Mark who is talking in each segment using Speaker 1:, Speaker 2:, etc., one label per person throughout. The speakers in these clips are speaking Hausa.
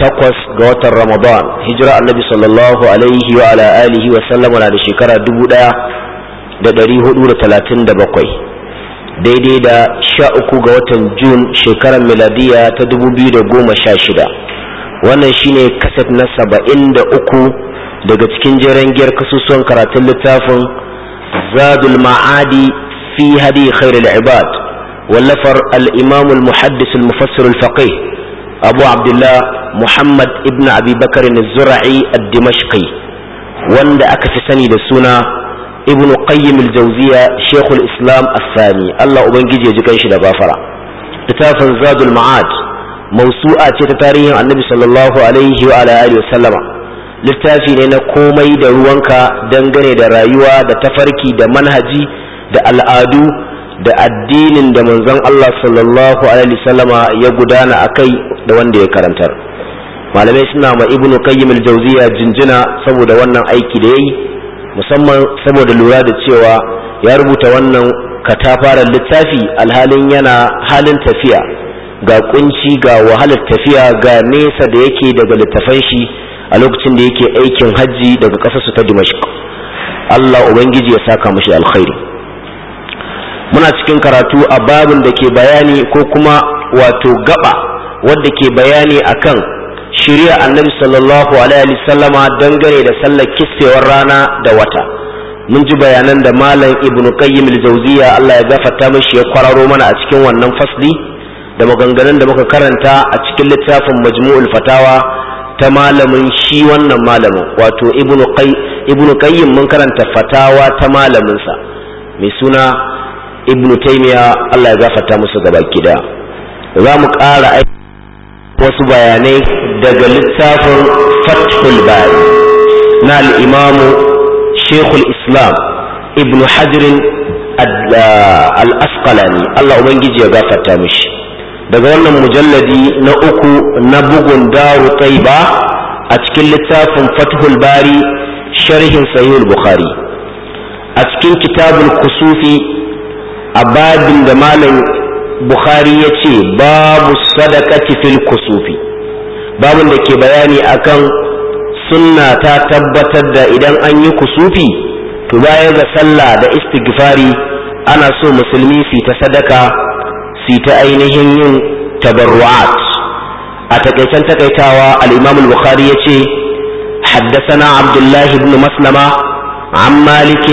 Speaker 1: takwas ga watan Ramadan hijira annabi sallallahu alaihi wa ala alihi wa sallama na da shekara dubu daya da dari hudu da talatin da bakwai daidai da sha uku ga watan Jun shekarar miladiya ta dubu biyu da goma sha shida wannan shine kaset na saba'in da uku daga cikin jeren giyar kasusuwan karatun littafin zadul ma'adi fi hadi khairul ibad wallafar al imamul al-muhaddis al-mufassir al-faqih abu abdullah muhammad ibn abi bakar zura'i ad-dimashqi wanda aka fi sani da suna ibn qayyim al-jawziya shekul islam as-sani allah ubangiji ya ji kanshi da littafin zadul ma'ad mausu'a ce ta tarihin annabi sallallahu alaihi wa alihi wa sallama littafi ne na komai da ruwanka dangane da rayuwa da tafarki da manhaji da al'adu da addinin da manzon Allah sallallahu alaihi wasallama ya gudana akai da wanda ya karantar malamai suna ma ibnu qayyim al-jawziya jinjina saboda wannan aiki da yayi musamman saboda lura da cewa ya rubuta wannan katafaren littafi alhalin yana halin tafiya ga kunci ga wahalar tafiya ga nesa da yake daga littafan shi a lokacin da yake aikin hajji daga ƙasarsu ta Dimashq Allah ubangiji ya saka mashi alkhairi muna cikin karatu a babin da ke bayani ko kuma wato gaba wadda ke bayani akan shirya annabi sallallahu alaihi sallama dangane da sallar kissewar rana da wata mun ji bayanan da malam Ibnu qayyim al-jawziya Allah ya gafarta mishi ya kwararo mana a cikin wannan fasli da maganganun da muka karanta a cikin littafin majmu'ul fatawa ta malamin shi wannan malamin wato Ibnu qayyim mun karanta fatawa ta malamin sa mai suna ibnu taimiya Allah ya gafarta musu gaba da za mu ƙara wasu bayanai daga littafin fathul bari na al'imamu shekul islam ibnu hajirin uh, al'asqalani Allah ubangiji ya gafarta mishi daga wannan mujalladi na uku na bugun daru ba a cikin littafin fathul bari sharhin sahihul bukhari a cikin kitabul kusufi a babin da malam bukhari ya ce babu sadakati fil kusufi babin da ke bayani akan sunna ta tabbatar da idan an yi kusufi to baya ga sallah da istighfari ana so musulmi su ta sadaka su ta ainihin yin tabarru'at a takaicen takaitawa al-imam al-bukhari ya ce حدثنا عبد الله بن مسلمة عن مالك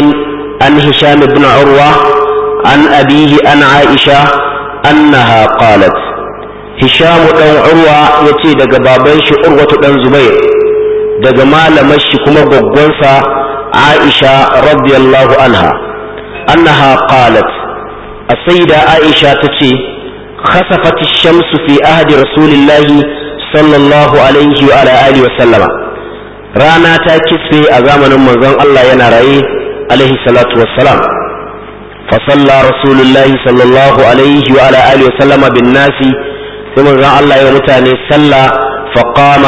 Speaker 1: عن هشام بن عروة an abihi an aisha annaha qalat Hishamu dan urwa yace daga baban shi urwatu dan zubair daga malamar shi kuma gaggonsa aisha radiyallahu anha annaha qalat السيدة عائشة تتي خسفت الشمس في أهد رسول الله صلى الله عليه وعلى آله وسلم رانا تاكسي أزامن من الله ينرأي عليه الصلاة والسلام فصلى رسول الله صلى الله عليه وعلى آله وسلم بالناس ثم قال الله يمتاني صلى فقام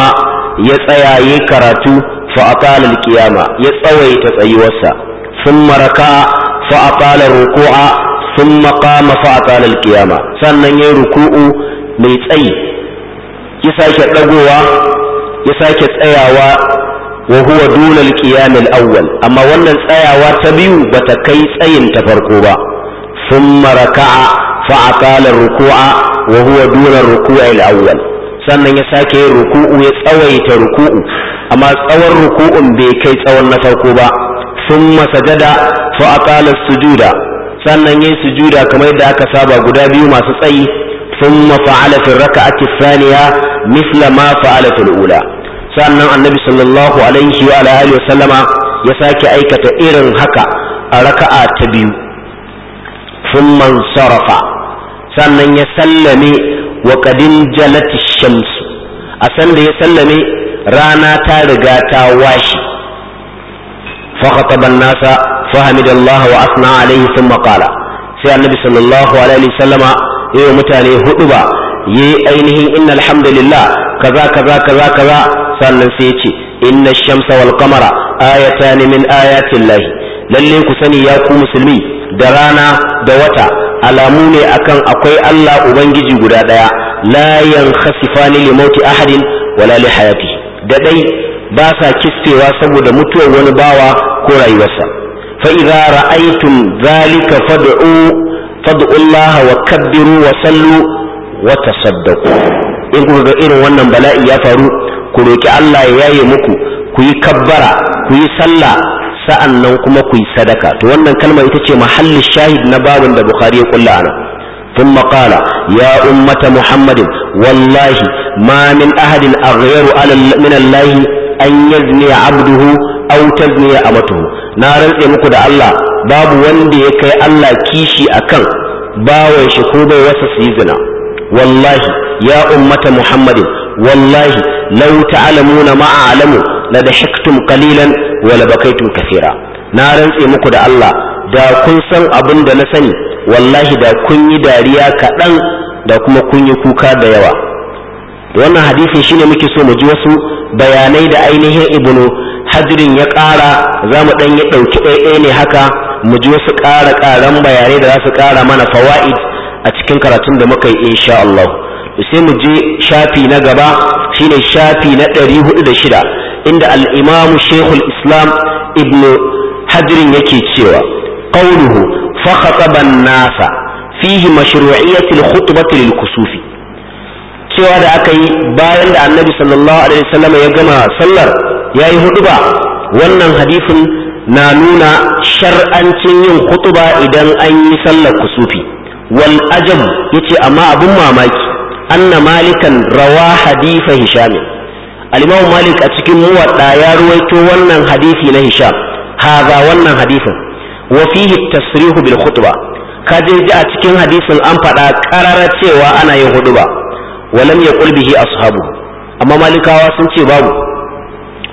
Speaker 1: يتأيى يكرتو فأطال القيامة يتأوي تتأي وسا ثم ركع فأطال الركوع ثم قام فأطال القيامة sannan ya ruku'u mai tsayi ya sake ɗagowa ya sake tsayawa wa huwa ƙiyamil alqiyam alawwal amma wannan tsayawa ta biyu bata kai tsayin ta farko ba thumma raka'a fa aqala ruku'a wa huwa duna ruku'a alawwal sannan ya sake ruku'u ya tsawaita ruku'u amma tsawon ruku'un bai kai tsawon na farko ba thumma sajada fa aqala sujuda sannan yayi sujuda kamar da aka saba guda biyu masu tsayi thumma fa'ala fi raka'ati thaniya mithla ma fa'ala fil ula sannan annabi sallallahu alaihi wa alihi wa sallama ya sake aikata irin haka a raka'a ta biyu thumma sarafa sannan ya sallame wa qadin jalat shams a san da ya sallame rana ta riga ta washi fa khataba an-nasa fa hamidallahi wa asna alaihi thumma qala sai annabi sallallahu alaihi wa sallama yayin mutane hudu ba yi ainihin innal hamdalillah kaza kaza kaza kaza sannan sai ya ce inna shamsa wal ayata ayatan min ayatin lahi lalle ku sani ya ku musulmi da rana da wata alamu ne akan akwai Allah ubangiji guda daya la yankhasifani li mauti ahadin wala li hayati da dai ba sa kiskewa saboda mutuwar wani bawa ko rayuwarsa fa idza ra'aytum zalika fad'u fad'u Allah wa kabbiru wa sallu wa tasaddaqu in kuka ga irin wannan bala'i ya faru ku roki Allah ya yaye muku ku yi kabbara ku yi sallah sa'an nan kuma ku yi sadaka to wannan kalmar ita ce mahallin shahid na babin da Bukhari ya kulla ana ثم قال يا أمة محمد والله ما من أحد أغير من الله أن يزني عبده أو تزني أمته نارا إمكو دا الله باب وندي كي الله كيشي أكن باوي شكوبة وسسيزنا والله يا أمة محمد wallahi law ta'lamuna ma a'lamu na da shaktum kalilan wala bakaytum kafira, na rantse muku da Allah da kun san abin da na sani wallahi da kun yi dariya kaɗan da kuma kun yi kuka da yawa wannan hadisin shine muke so mu ji wasu bayanai da ainihin ibnu Hajirin ya ƙara za mu ɗan yi ɗauki ɗaiɗai ne haka mu ji wasu ƙara ƙaran bayanai da za su ƙara mana fawa'id a cikin karatun da muka yi insha Allah sai mu je shafi na gaba shine shafi na ɗari hudu da shida inda al'imamu shekul islam ibn hadirin yake cewa ƙaunuhu fakhataban nasa fihi mashru'iyyatil khutbati kusufi cewa da aka yi bayan da annabi sallallahu alaihi wasallam ya gama sallar yayi huɗuba wannan hadisin na nuna shar'ancin yin huɗuba idan an yi sallar kusufi wal ajab yace amma abun mamaki anna malikan rawa hadifa hisham al malik a cikin muwaɗa ya ruwaito wannan hadisi na hisham haza wannan hadisin Wafihi fihi tasrihu bil khutba kaje ji a cikin hadisin an faɗa ƙarara cewa ana yin ba. walam ya yaqul bihi ashabu amma malikawa sun ce babu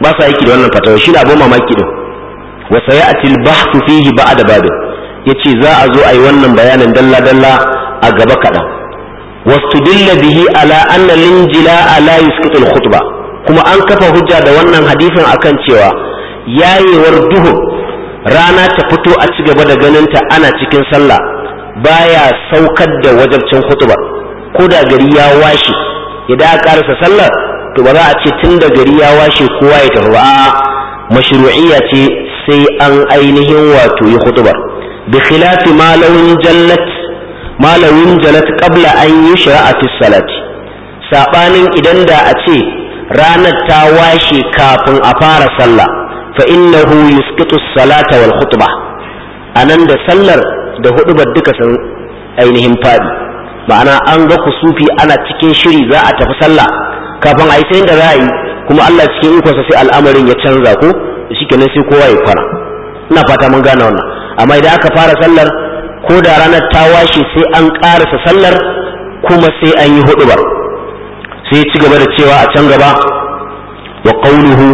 Speaker 1: ba sa yake da wannan fatawa shi abin mamaki din wa sayati al-bahthu fihi da babin yace za a zo a yi wannan bayanin dalla dalla a gaba kaɗan wastudilla bihi ala anna linjila ala yusqitul khutba kuma an kafa hujja da wannan hadisin akan cewa yayewar duhu rana ta fito a ci gaba da ganinta ana cikin sallah baya saukar da wajabcin khutba ko da gari ya washe idan a karasa sallar to ba za a ce tun da gari ya washe kowa ya tafi ba mashru'iyya ce sai an ainihin wato ya khutba bi khilafi ma lawn jallat malamin jalat kabla an yi fi salati sabanin idan da a ce ranar ta washe kafin a fara sallah fa innahu yusqitu salata wal khutbah anan da sallar da hudubar duka sun ainihin fadi ma'ana an ga kusufi ana cikin shiri za a tafi sallah kafin a yi sai da za a yi kuma Allah cikin ikonsa sai al'amarin ya canza ko shikenan sai kowa ya fara ina fata mun gane wannan amma idan aka fara sallar ko da ranar ta washe sai an ƙarasa sallar kuma sai an yi ba sai ci gaba da cewa a can gaba wa qawluhu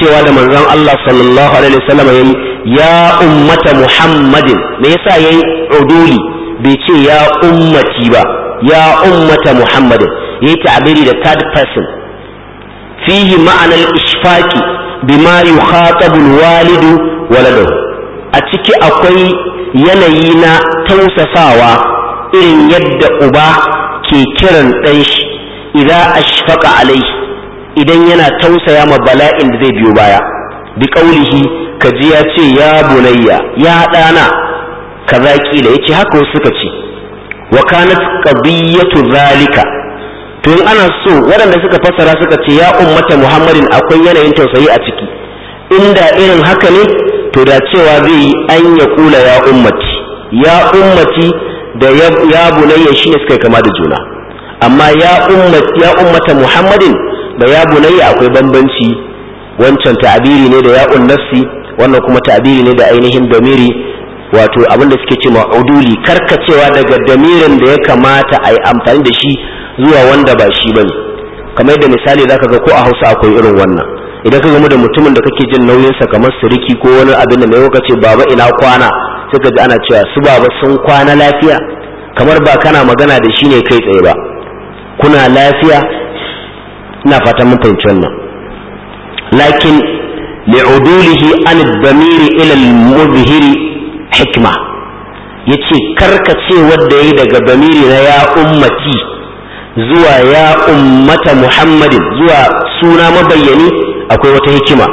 Speaker 1: cewa da manzon Allah sallallahu alaihi wasallam yayi ya ummata muhammadin me yasa yayi uduli bai ce ya ummati ba ya ummata muhammadin yayi ta'biri da third person fihi ma'ana al-ishfaqi bima yukhatabu al-walidu waladahu a ciki akwai yanayi na tausasawa irin yadda uba ke kiran ɗan shi idza ashfaqa alai idan yana tausaya ma bala'in da zai biyo baya bi qaulihi kaji ya ce ya bunayya ya dana kaza kila yace haka wasu suka ce wa kanat qadiyatu zalika to in ana so waɗanda suka fassara suka ce ya ummata muhammadin akwai yanayin tausayi a ciki inda irin haka ne to da cewa zai yi an ya kula ya ummati ya ummati da ya bunayya shi ne suka kama da juna amma ya ummata muhammadin da ya bunayya akwai bambanci wancan ta'abiri ne da ya'un nafsi wannan kuma ta'abiri ne da ainihin damiri wato abinda suke ce ma uduli karkacewa daga damirin da ya kamata a yi amfani da shi zuwa wanda ba shi bane kamar yadda misali zaka ga ko a Hausa akwai irin wannan idan ka gamu da mutumin da kake jin nauyin sa kamar siriki ko wani abin da mai waka ce baba ina kwana sai ka ji ana cewa su baba sun kwana lafiya kamar ba kana magana da shi ne kai tsaye ba kuna lafiya ina fatan mun fahimci wannan lakin li'udulihi an damiri ila al-mudhhiri hikma yace ce wanda yayi daga damiri na ya ummati zuwa ya ummata muhammadin zuwa suna mabayyani akwai wata hikima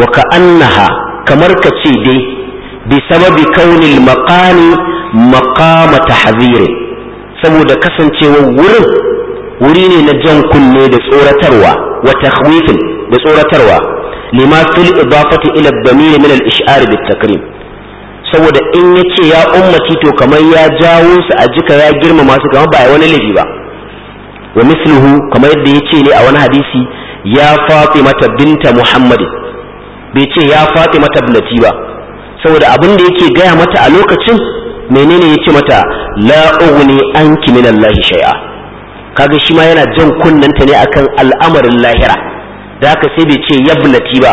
Speaker 1: wa ka'annaha kamar ka ce dai bi sababi kaunil maqami maqama tahzir saboda kasancewar wurin wuri ne na jan kunne da tsoratarwa wa takhwifin da tsoratarwa lima fil idafati ila damir min al ish'ar bit takrim saboda in yace ya ummati to kamar ya jawo su a jika ya girmama su kamar ba wani laifi ba wa misluhu kamar yadda yace ne a wani hadisi ya mata binta Muhammadu bai ce ya fatimata binati ba saboda abin da yake gaya mata a lokacin menene ya ce mata la'uguni an ki minan allahi shay'a kaga shi ma yana jan kunnanta ne akan al'amarin lahira da haka sai bai ce ya binati ba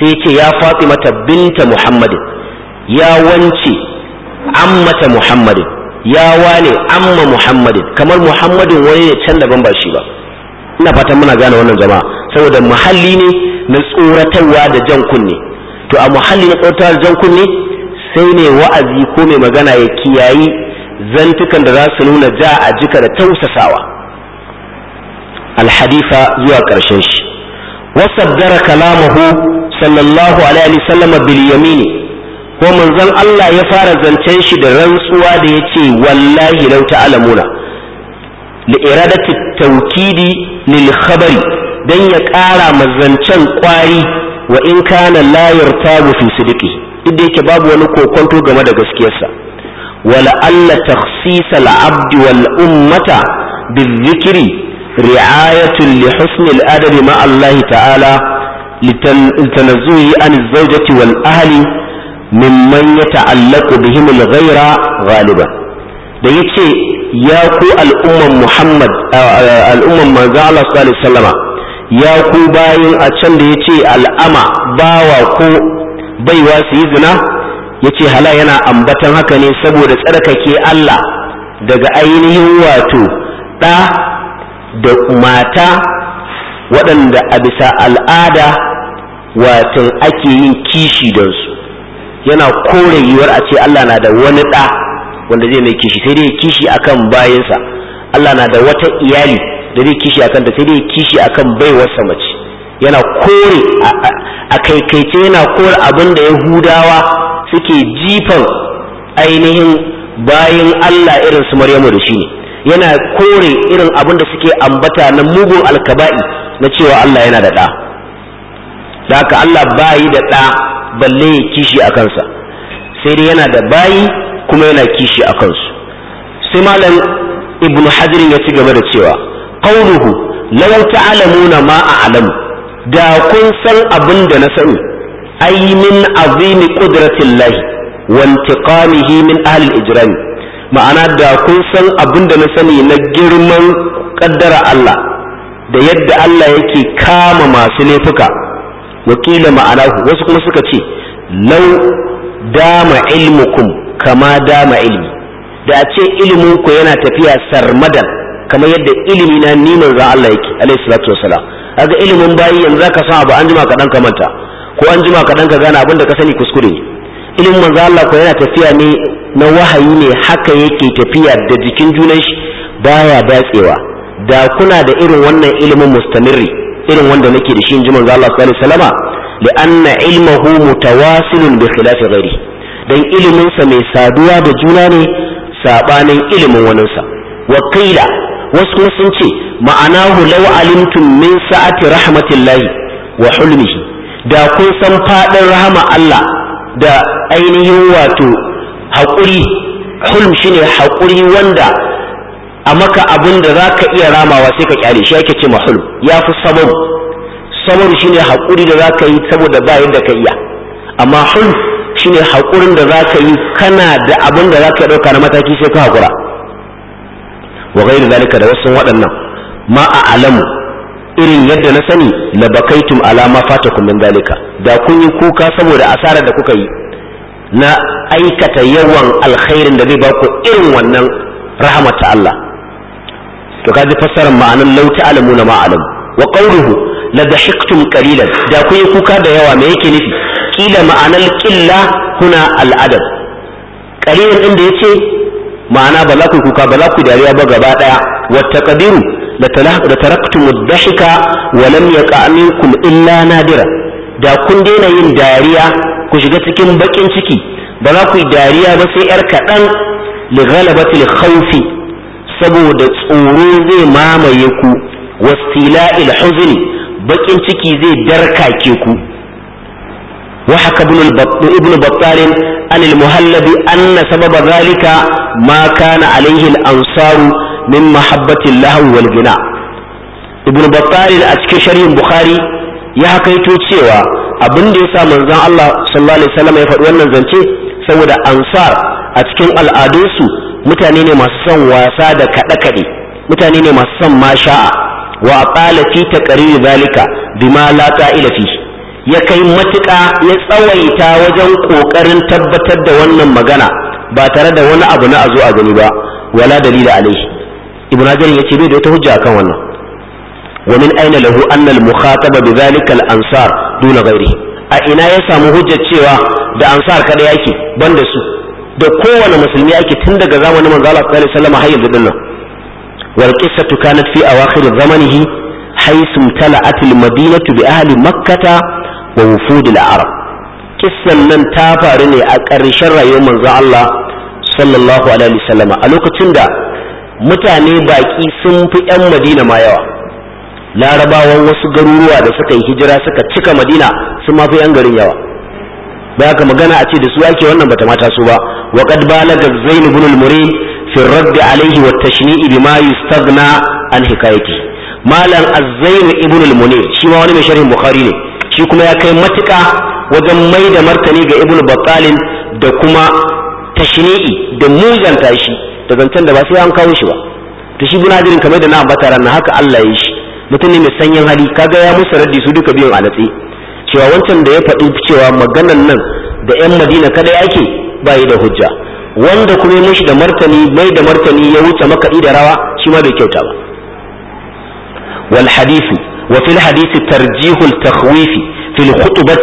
Speaker 1: sai ce ya mata binta Muhammadu ya wance mata muhammad ya wane amma muhammadin kamar muhammadin wani ne can daban ba shi ba ina fatan muna gane wannan jama'a saboda muhalli ne na tsoratarwa da jan kunne to a muhalli na tsoratarwa da jan kunne sai ne wa'azi ko mai magana ya kiyayi zantukan da za su nuna ja a jika da tausasawa alhadifa zuwa ƙarshen shi wasaddara kalamahu sallallahu alaihi wasallam bil yamini ko manzon Allah ya fara zancen shi da rantsuwa da yace wallahi law ta'lamuna li iradati taukidi lil khabari don ya ƙara mazancen ƙwari wa in kana la yartabu fi sidiki duk da yake babu wani kokonto game da gaskiyarsa wala alla takhsis al abd wal ummata bil zikri ri'ayatun li husn al adab Allah ta'ala litanazzuhi an zawjati wal ahli mimman yata'allaqu bihim al ghayra ghaliban da yace ya ku al'umman Muhammad al'umman manzo Allah sallallahu alaihi wasallama ya ku bayin a can da yace al'ama bawa ko baiwa su yi zina yace hala yana ambatan haka ne saboda tsarkake Allah daga ainihin wato ɗa da mata waɗanda a bisa al'ada watan ake yin kishi don su yana kore a ce Allah na da wani ɗa wanda zai mai kishi sai dai kishi akan bayansa Allah na da wata iyali da zai kishi akan ta sai dai kishi akan baiwarsa mace yana kore a kaikaice yana kore abin da yahudawa suke jifan ainihin bayan Allah irin su Maryamu da shi ne yana kore irin abin da suke ambata na mugun alkaba'i na cewa Allah yana da ɗa da haka Allah bayi da ɗa balle kishi a kansa sai dai yana da bayi kuma yana kishi a kansu sai malam ibnu Hadir ya ci gaba da cewa qauluhu law ta'lamuna ma a'lamu da kun san abin da na sani ay min azim qudratillahi wa intiqamihi min ahli al-ijram ma'ana da kun san abin da na sani na girman kaddara Allah da yadda Allah yake kama masu laifuka wakila ma'anahu wasu kuma suka ce lau dama ilmukum kama dama ilimi da a ce ilimin ku yana tafiya sarmadan kamar yadda ilimi na ni manzo Allah yake alaihi salatu wassalam kaga ilimin bayi yanzu zaka san abu an jima ka dan kamanta ko an jima ka dan ka gane abin da ka sani kuskure ne ilimin manzo Allah ko yana tafiya ne na wahayi ne haka yake tafiya da jikin junan shi baya datsewa da kuna da irin wannan ilimin mustamirri irin wanda nake da shi in ji manzo Allah sallallahu alaihi wasallama li anna ilmuhu mutawasilun bi khilafi ghairihi dan iliminsa mai saduwa da juna ne sabanin ilimin waninsa wakila wasu kuma sun ce ma'anahu law alimtum min sa'ati rahmatillahi wa hulmihi da kun san fadin rahama Allah da ainihin wato haƙuri hulm shine haƙuri wanda a maka abin da za ka iya ramawa sai ka kyale shi yake ce mahulm ya fi sabab sababu shine haƙuri da za ka yi saboda ba yadda ka iya amma hulm shine haƙurin da za ka yi kana da abin da za ka ɗauka na mataki sai ka haƙura wa gairu zalika da wasu waɗannan ma a alamu irin yadda na sani la bakaitum ala ma fatakum min zalika da kun yi kuka saboda asarar da kuka yi na aikata yawan alkhairin da zai baku irin wannan rahmata Allah to kaji fassarar ma'anar law ta'lamuna ma alamu wa qawluhu la dahiktum qalilan da kun yi kuka da yawa me yake nufi kila ma'anar ƙilla kuna al'adab ƙarin inda ya ce ma'ana ba za ku kuka ba za ku dariya ba gaba ɗaya wata ƙadiru da taraktu mudahika wa lam yaqa minkum illa nadira da kun daina yin dariya ku shiga cikin baƙin ciki ba za ku yi dariya ba sai yar kaɗan li li khawfi saboda tsoro zai mamaye ku wastila'il huzni baƙin ciki zai darkake ku وحكى ابن ابن بطال عن المهلب أن سبب ذلك ما كان عليه الأنصار من محبة الله والغناء ابن بطال أتكي شريم بخاري يحكي توتسيوا abin da yasa manzon Allah sallallahu alaihi wasallam ya faɗi wannan zance saboda ansar a cikin al'adunsu mutane ne masu son wasa da kaɗe-kaɗe mutane ne masu son masha'a wa qala fi taqrir zalika bima la ta'ila fihi ya kai matuƙa ya tsawaita wajen ƙoƙarin tabbatar da wannan magana ba tare da wani abu na azo a gani ba wala dalila alaihi ibn hajar ce bai da wata hujja akan wannan wa min aina lahu anna al mukhataba bi dhalika al ansar duna ghairi a ina ya samu hujjar cewa da ansar kada yake banda su da kowane musulmi ake tun daga zamanin manzo Allah sallallahu alaihi wasallam har yanzu dinnan wal qissatu kanat fi awakhir zamanihi haythu tala'at al madinatu bi ahli makkah wa wufudul arab kissan nan ta faru ne a ƙarshen rayuwar manzo Allah sallallahu alaihi wasallam a lokacin da mutane baki sun fi 'yan madina ma yawa larabawan wasu garuruwa da suka yi hijira suka cika madina sun ma fi 'yan garin yawa ba ka magana a ce da su ake wannan bata mata su ba wa qad balaga zain ibn al-murid fi radd alayhi wa tashni'i bima yustaghna an hikayati malam az-zain ibn al-munir shi ma wani mai sharhin bukhari ne shi kuma ya kai matuƙa wajen mai da martani ga ibnu battalin da kuma tashni'i da muzanta shi da zancen da ba sai an kawo shi ba to shi ibnu kamar da na ambata ran haka Allah ya yi shi mutum ne mai sanyin hali kaga ya musu raddi su duka biyun alatsi cewa wancan da ya faɗi cewa maganan nan da yan madina yake ba yi da hujja wanda kuma mishi da martani mai da martani ya wuce makaɗi da rawa shi ma bai kyauta ba wal hadisi وفي الحديث ترجيح التخويف في الخطبة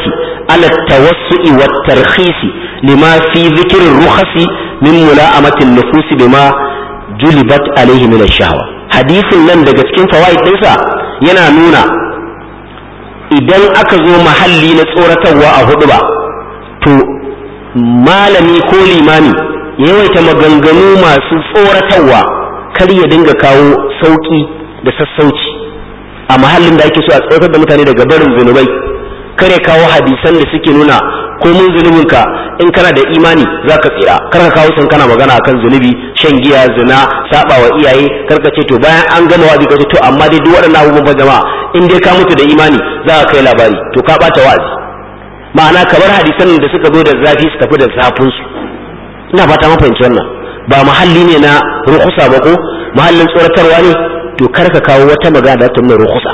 Speaker 1: على التوسع والترخيص لما في ذكر الرخص من ملائمة النفوس بما جلبت عليه من الشهوة حديث لم daga cikin fawaid ɗinsa yana nuna idan aka zo mahalli na tsoratarwa a hudu ba to malami ko limami yawaita maganganu masu tsoratarwa kar ya dinga kawo sauki da sassauci a mahallin da ake so a tsoratar da mutane daga barin zunubai kare kawo hadisan da suke nuna komin zunubinka in kana da imani za ka tsira kar ka kawo san kana magana akan zunubi shan giya zina saba wa iyaye kar ka ce to bayan an gama wa'azi ka ce to amma dai duk waɗannan abubuwan ba jama'a in dai ka mutu da imani za ka kai labari to ka ɓata wa'azi ma'ana kamar hadisan da suka zo da zafi su tafi da zafin su ina fata mafahimci wannan ba mahalli ne na rukusa ba ko mahallin tsoratarwa ne to kar ka kawo wata magana ta nuna rukusa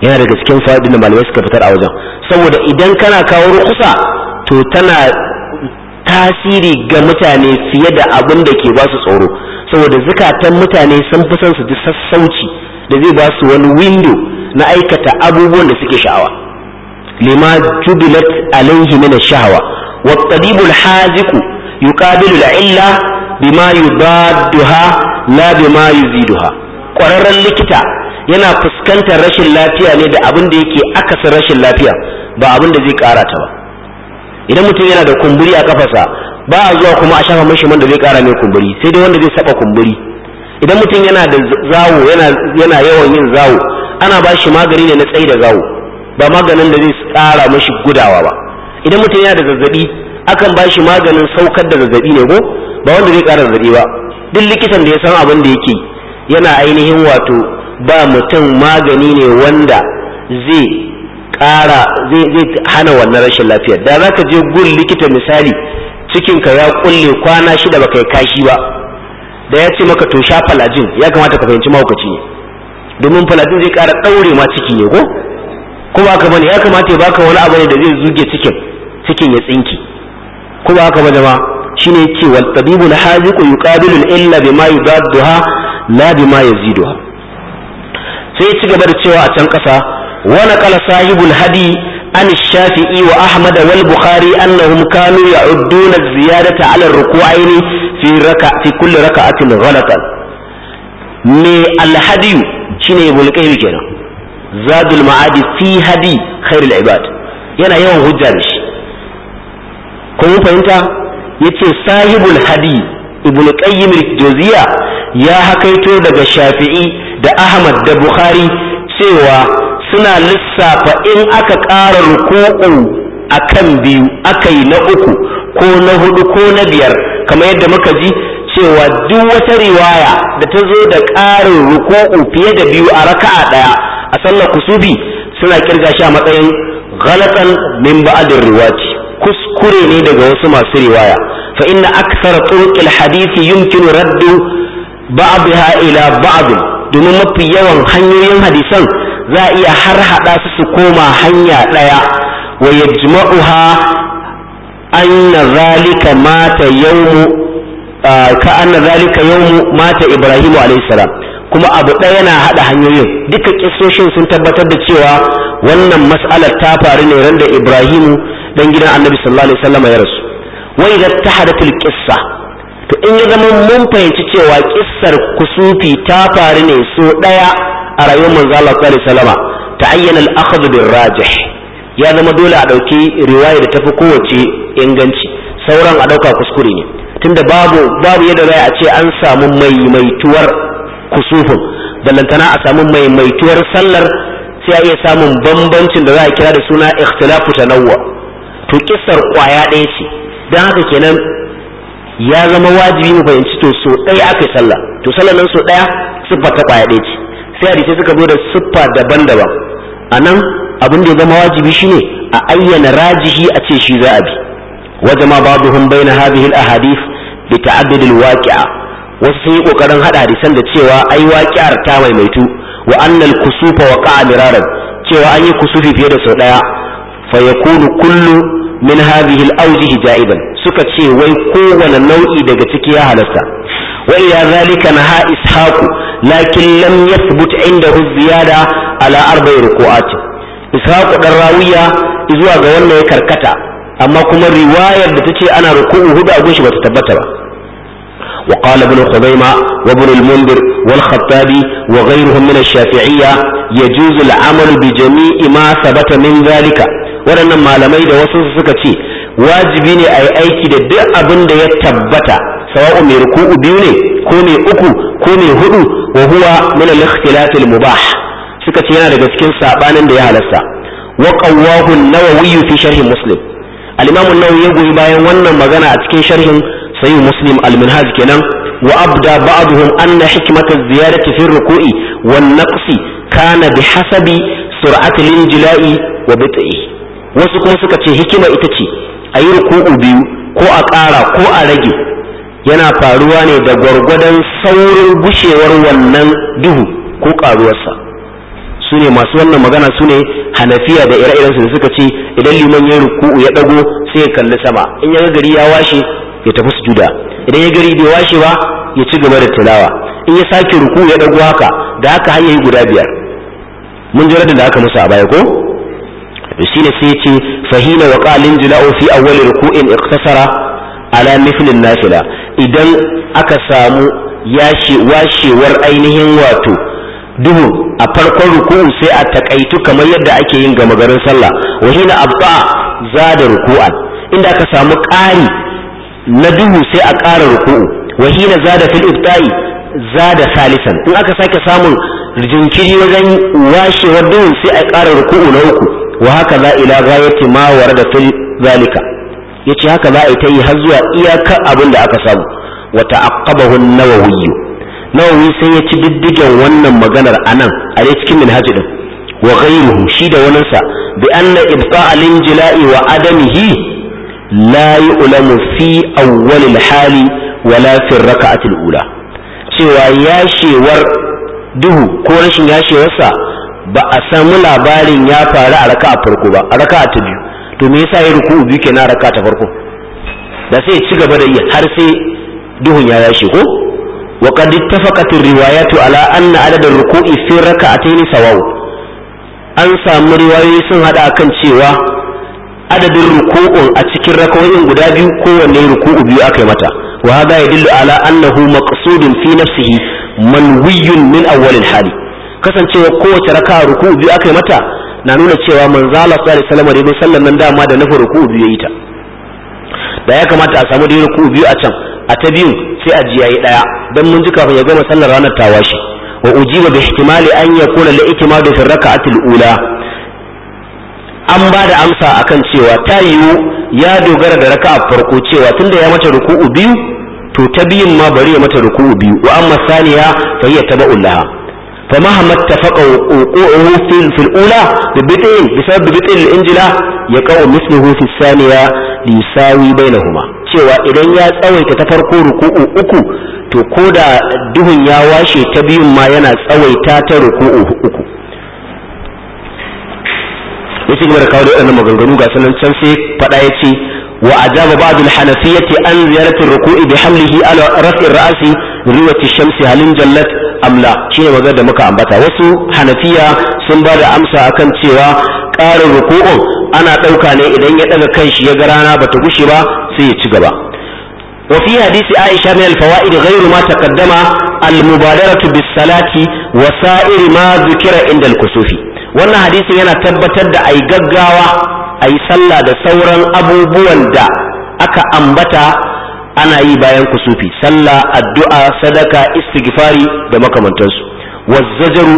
Speaker 1: yana daga cikin fa'idin da malamai suka fitar a wajen saboda idan kana kawo rukusa to tana tasiri ga mutane fiye da abin da ke ba su tsoro saboda zukatan mutane sun fi son su ji sassauci da zai ba su wani windo na aikata abubuwan da suke sha'awa lima jubilat alaihi min ash-shahwa wa at-tabibu al-haziqu yuqabilu al-illa bima yubadduha la bima yuziduha ƙwararren likita yana fuskantar rashin lafiya ne da abin da yake akasin rashin lafiya ba abin da zai ƙara ta ba idan mutum yana da kumburi a kafasa ba a zuwa kuma a shafa mashi man da zai ƙara mai kumburi sai dai wanda zai saba kumburi idan mutum yana da zawo yana yawan yin zawo ana ba shi magani ne na tsayi da zawo ba maganin da zai kara mashi gudawa ba idan mutum yana da zazzabi akan ba shi maganin saukar da zazzabi ne ko ba wanda zai ƙara zazzabi ba duk likitan da ya san abin da yake yana ainihin wato ba mutum magani ne wanda zai ƙara zai hana wannan rashin lafiyar da za ka je gun likita misali cikinka ya kulle kwana shida baka yi kashi ba da ya ce maka to sha falajin ya kamata ka fahimci mahaukaci ne domin falajin zai kara ɗaure ma ciki ne ko kuma aka bane ya kamata ya baka wani abu ne da zai zuge cikin cikin ya tsinki ko ba haka ba jama'a shine yake wal tabibul haziqu yuqabilu illa bima yudadduha la bima yaziduha sai ci gaba da cewa a can kasa wa naqala sahibul hadi an shafi'i wa ahmad wal bukhari annahum kanu ya'udduna ziyadata ala ruku'ain fi raka fi kulli raka'atin ghalatan me alhadiyu shine bulqahi kenan zadul ma'adi fi hadi khairul ibad yana yawan hujja da shi ko fahimta yace sahibul hadi ibnu qayyim al juziya ya hakaito daga shafi'i da ahmad da bukhari cewa suna lissafa in aka ƙara ruku'u akan biyu akai na uku ko na hudu ko na biyar kamar yadda muka ji cewa duk wata riwaya da ta zo da ƙarin ruku'u fiye da biyu a raka'a ɗaya a sallar kusubi suna kirga shi a matsayin ghalatan min ba'dir riwati kuskure ne daga wasu masu riwaya fa inna aksara turuqil hadisi yumkinu raddu ba'daha ila ba'd domin mafi yawan hanyoyin hadisan za a iya har hada su su koma hanya daya wa yajma'uha anna zalika mata yawmu ka anna zalika yawmu mata ibrahimu alayhi salam kuma abu ɗaya yana haɗa hanyoyin duka kisoshin sun tabbatar da cewa wannan mas'alar ta faru ne randa da ibrahimu dan gidan annabi sallallahu alaihi wasallam ya rasu wa idza tahadatil qissa to in ya zama mun fahimci cewa kissar kusufi ta faru ne so daya a rayuwar manzo Allah sallallahu alaihi wasallam ta ayyana al-akhdh bil rajih ya zama dole a dauki riwaya da tafi kowace inganci sauran a dauka kuskure ne tunda babu babu yadda za a ce an samu maimaituwar kusufin ballantana a samu maimaituwar sallar sai a iya samun bambancin da za a kira da suna ikhtilafu tanawwa to ƙisar kwaya ɗaya ce don haka kenan ya zama wajibi mu fahimci to so ɗaya aka yi sallah to sallah nan so ɗaya siffa ta kwaya ɗaya ce sai hadisi suka zo da siffa daban-daban a nan abin da ya zama wajibi shine a ayyana rajihi a ce shi za a bi babu babuhum baina hadhihi a Hadis da ta al waƙia wasu sun yi ƙoƙarin haɗa hadisan da cewa ai waƙiyar ta maimaitu wa annal kusufa wa ka'a miraran cewa an yi kusufi fiye da sau ɗaya. فيكون كل من هذه الأوجه جائبا شيء ويكون النوء دقتك يا هلسا وإلى ذلك نهى إسحاق لكن لم يثبت عنده الزيادة على أربع ركوعات إسحاق الراوية إذوا قولنا كركتا أما كما الرواية بتتي أنا ركوع هدى أبوش بتتبتها وقال ابن خزيمة وابن المنذر والخطابي وغيرهم من الشافعية يجوز العمل بجميع ما ثبت من ذلك waɗannan malamai da wasu suka ce wajibi ne a yi aiki da duk abin da ya tabbata sawa'u mai ruku'u biyu ne ko mai uku ko mai hudu wa huwa min al-ikhtilaf mubah suka ce yana daga cikin sabanin da ya halasta wa qawwahu an-nawawi fi sharh muslim al-imam an-nawawi ya goyi bayan wannan magana a cikin sharhin sahih muslim al-minhaj kenan وأبدى بعضهم أن حكمة الزيادة في الركوع والنقص كان بحسب سرعة wa وبطئه wasu kuma suka ce hikima ita ce a yi ruku'u biyu ko a ƙara ko a rage yana faruwa ne da gwargwadon saurin bushewar wannan duhu ko ƙaruwarsa su ne masu wannan magana su ne hanafiya da ire-irensu da suka ce idan liman ya ruku'u ya ɗago sai ya kalli sama in ya gari ya washe ya tafi sujuda idan ya gari bai washe ba ya ci gaba da tilawa in ya sake ruku'u ya ɗago haka da haka har yayi guda biyar mun ji da aka musu a baya ko shine sai yace fahina wa qalin jila'u fi awwal ruku'in iqtasara ala mithl nafila idan aka samu yashi washewar ainihin wato duhu a farkon ruku'u sai a takaitu kamar yadda ake yin gama garin sallah wa hina abba zada ruku'an inda aka samu ƙari na duhu sai a ƙara ruku'u wa hina zada fil ibtai zada salisan in aka sake samun jinkiri wajen washewar duhu sai a ƙara ruku'u na uku wa haka za ila ghayati ma warada fil zalika yace haka za a ita yi har zuwa iyakar abin da aka samu wa ta'aqqabahu an-nawawi nawawi sai ya ci diddigen wannan maganar anan a dai cikin minhaj din wa ghayruhu shi da waninsa bi anna ibqa' al-injila'i wa adamihi la yu'lamu fi awwal al-hali wala fi ar-rak'ati al-ula cewa yashewar duhu ko rashin yashewarsa ba a samu labarin ya faru a raka a farko ba a raka ta biyu to me yasa ya ruku biyu kenan raka ta farko da sai ci gaba da yi har sai duhun ya yashe ko wa qad ittafaqat riwayatu ala anna adad ruku'i fi raka'atayn sawa'u an samu riwayoyi sun hada kan cewa adadin ruku'un a cikin rakawoyin guda biyu kowanne ruku'u biyu aka yi mata wa hada yadullu ala annahu maqsudun fi nafsihi manwiyun min awwalil hali kasancewa kowace raka ruku'u biyu aka yi mata na nuna cewa Manzala Allah sallallahu alaihi wasallam sallan nan dama da nufin ruku'u biyu ya yi ta da ya kamata a samu dai ruku'u biyu a can a ta biyun sai a ji yayi daya dan mun ji kafin ya gama sallar ranar tawashi wa ujiba bi ihtimali an yakuna li ikmadu fi raka a ula an ba da amsa akan cewa ta yiwu ya dogara da raka'a farko cewa tunda ya mata ruku'u biyu to ta biyun ma bari ya mata ruku'u biyu wa amma saniya fa hiya tabu'u laha فمهما اتفق وقوعه في, في الأولى ببطء بسبب بطء الإنجلة يقع مثله في الثانية ليساوي بينهما cewa idan ya tsawaita ta farko ruku'u uku to ko da duhun ya washe ta biyun ma yana tsawaita ta ruku'u uku yace gaba da kawo da waɗannan maganganu ga sanan can sai faɗa ya ce وأجاب بعض الحنفية أن زيارة الركوع بحمله على رفع الرأس ذروة الشمس هل انجلت أم لا شيء وقد مكا أنبتا وسو حنفية سنبار أمسا أكن سوى قال الركوع أنا أتوقع إذن يتلقى كيش يقرانا بتقوش با سيتقبا وفي حديث عائشة من الفوائد غير ما تقدم المبادرة بالصلاة وسائر ما ذكر عند الكسوف wannan hadisin yana tabbatar da ai gaggawa a yi sallah da sauran abubuwan da aka ambata ana yi bayan kusufi sallah addu'a sadaka istighfari da makamantansu wazzajaru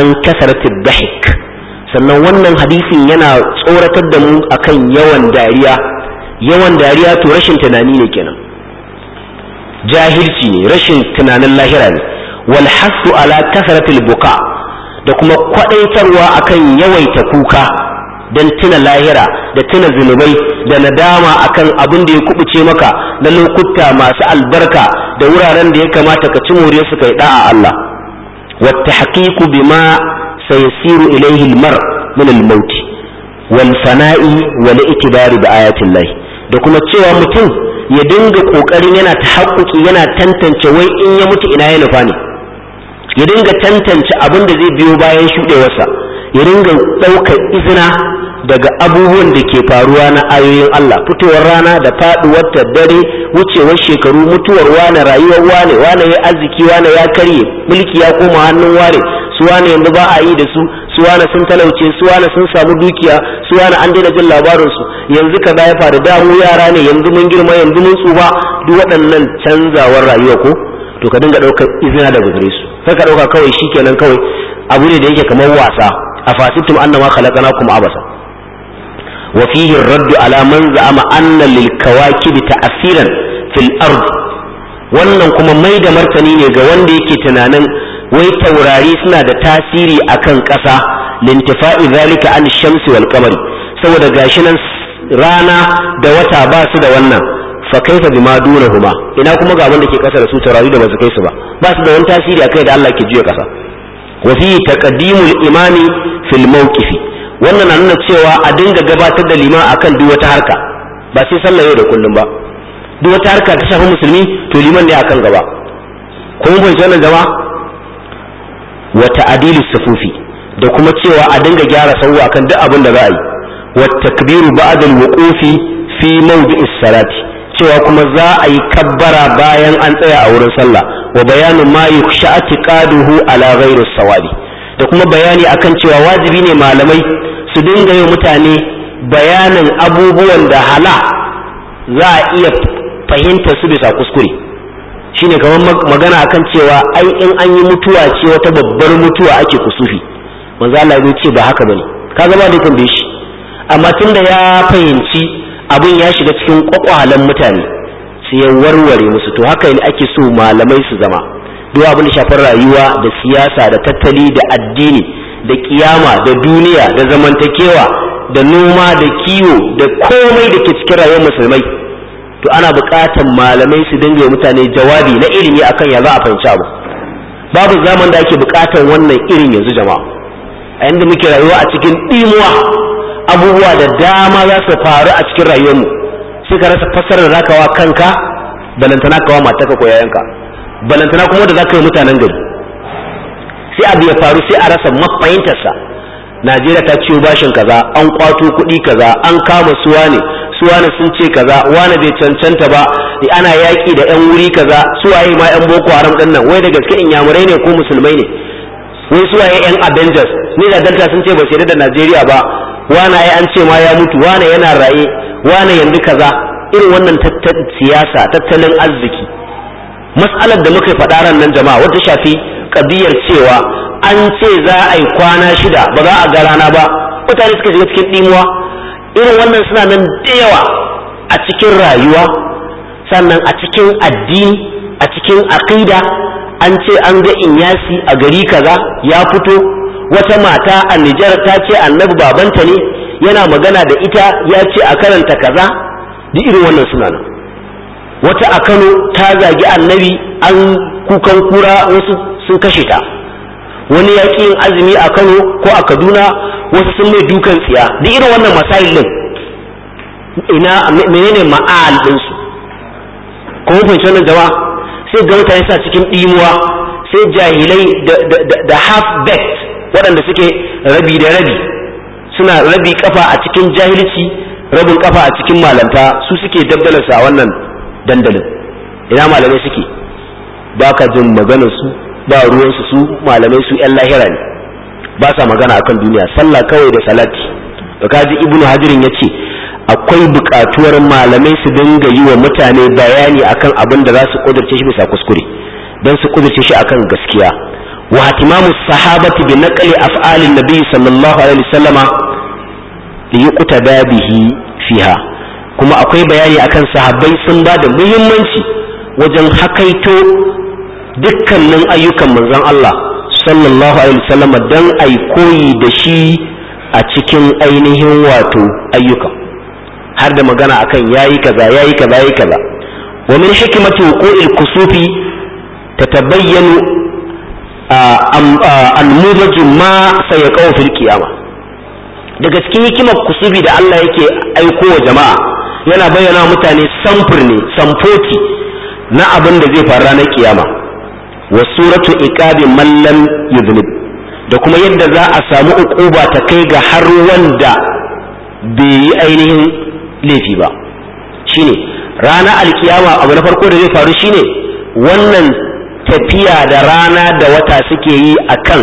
Speaker 1: an kasaratil dahik sannan wannan hadisin yana tsoratar da mu akan yawan dariya yawan dariya to rashin tunani ne kenan jahilci ne rashin tunanin lahira ne wal hasu ala kasaratil buka da kuma kwadaitarwa akan yawaita kuka don tuna lahira da tuna zunubai da nadama akan abin da ya kubuce maka na lokuta masu albarka da wuraren da ya kamata ka ci moriyar su kai da'a Allah wa tahqiqu bima sayasiru ilayhi al-mar min al wal fana'i wal ikbari bi ayati da kuma cewa mutum ya dinga kokarin yana ta tahaqquqi yana tantance wai in ya mutu ina ya nufa ne ya dinga tantance abin da zai biyo bayan shudewarsa ya ringa ɗaukar izina daga abubuwan da ke faruwa na ayoyin Allah fitowar rana da faɗuwar dare wucewar shekaru mutuwar wane rayuwar wane wane ya arziki wane ya karye mulki ya koma hannun wane su wane yanzu ba a yi da su su wane sun talauce su wane sun samu dukiya su wane an daina jin labarin su yanzu kaza ya faru da mu yara ne yanzu mun girma yanzu mun tsufa duk waɗannan canzawar rayuwa ko to ka dinga ɗaukar izina daga gare su sai ka ɗauka kawai shikenan kawai abu ne da yake kamar wasa أفاتتم أنما خلقناكم عبثا وفيه الرد على من زعم أن للكواكب تأثيرا في الأرض wannan kuma mai da martani ne ga wanda yake tunanin wai taurari suna da tasiri akan ƙasa lintifa'i zalika an shamsi wal saboda gashi nan rana da wata ba su da wannan fa kaifa bima dunahuma ina kuma ga wanda ke ƙasa da su taurari da ba su kai su ba ba su da wani tasiri a kai da Allah ke juya ƙasa wa fi taqdimul imami fil wannan na nuna cewa a dinga gabatar da liman akan duk wata harka ba sai sallah yau da kullum ba duk wata harka ta shafi musulmi to liman ne akan gaba ko mun fahimci wannan jama'a wa ta'dilu sufufi da kuma cewa a dinga gyara sauwa akan duk abin da za a yi wa takbiru ba'da wuqufi fi mawdi'is salati cewa kuma za a yi kabbara bayan an tsaya a wurin sallah wa bayanu ma yukhsha atiqaduhu ala ghairi sawabi da kuma bayani akan cewa wajibi ne malamai su dinga yi mutane bayanin abubuwan da hala za a iya fahimta su bisa kuskure shine kamar magana akan cewa ai in an yi mutuwa ce wata babbar mutuwa ake kusufi manzo Allah ya ce ba haka bane ka zama da kan shi amma tunda ya fahimci abin ya shiga cikin kwakwalen mutane su ya warware musu to haka ne ake so malamai su zama duk abin da shafar rayuwa da siyasa da tattali da addini da kiyama da duniya da zamantakewa da noma da kiwo da komai da ke cikin rayuwar musulmai to ana buƙatar malamai su dinga mutane jawabi na ilimi akan ya za a fahimci abu babu zaman da ake buƙatar wannan irin yanzu jama'a a yanda muke rayuwa a cikin ɗimuwa abubuwa da dama za su faru a cikin rayuwarmu sai ka rasa fassarar da wa kanka balantana kawa matarka ko yayanka balantana kuma da za yi mutanen gari sai abu ya faru sai a rasa mafahimtarsa najeriya ta ciwo bashin kaza an kwato kuɗi kaza an kama suwa ne suwa ne sun ce kaza wani bai cancanta ba ana yaƙi da yan wuri kaza suwaye ma yan boko haram ɗin nan wai da gaske inyamurai ne ko musulmai ne wai suwaye yan avengers Ne da delta sun ce ba shaida da najeriya ba wane ai an ce ma ya mutu wane yana raye wane yanzu kaza irin wannan tattalin siyasa tattalin arziki mas'alar da muka faɗa ran nan jama'a wata shafi kabiyar cewa an ce za a yi kwana shida ba za a ga rana ba mutane suka shiga cikin dimuwa irin wannan suna nan da yawa a cikin rayuwa sannan a cikin addini a cikin aqida an ce an ga inyasi a gari kaza ya fito wata mata a Nijar ta ce annabi babanta ne yana magana da ita ya ce a karanta kaza duk irin wannan suna wata a Kano ta zagi annabi an kukan kura wasu sun kashe ta wani ya azumi a Kano ko a Kaduna wasu sun mai dukan tsiya duk irin wannan masail din ina menene ma'al ɗinsu ko zama fahimci wannan sai ga mutane sa cikin ɗimuwa sai jahilai da half bet waɗanda suke rabi da rabi suna rabi kafa a cikin jahilci rabin kafa a cikin malanta su suke dabdalarsa a wannan dandalin ina malamai suke ba ka jin maganarsu ba ruwansu su malamai su yan lahira ne ba sa magana akan duniya sallah kawai da salati da kaji ibnu hajirin ya ce akwai buƙatuwar malamai su dinga yi wa mutane bayani akan abin da za su kudurce shi bisa kuskure don su kudurce shi akan gaskiya wa hatimamu sahabati bi naqli af'alin nabi sallallahu alaihi wasallama li yuqtada bihi fiha kuma akwai bayani akan sahabbai sun ba da muhimmanci wajen hakaito dukkanin ayyukan manzon Allah sallallahu alaihi wasallama dan ai koyi da shi a cikin ainihin wato ayyuka har da magana akan yayi kaza yayi kaza yayi kaza wa min hikmati wuqu'il kusufi tatabayyanu almubaju ma sai ya kawo fil kiyama daga cikin hikimar kusubi da Allah yake aiko wa jama'a yana bayyana mutane samfur samfoti na abin da zai faru ranar kiyama wa suratu iqabi Mallan lam da kuma yadda za a samu ukuba ta kai ga har wanda bai yi ainihin laifi ba shine rana alkiyama abu na farko da zai faru shine wannan tafiya da rana da wata suke yi a kan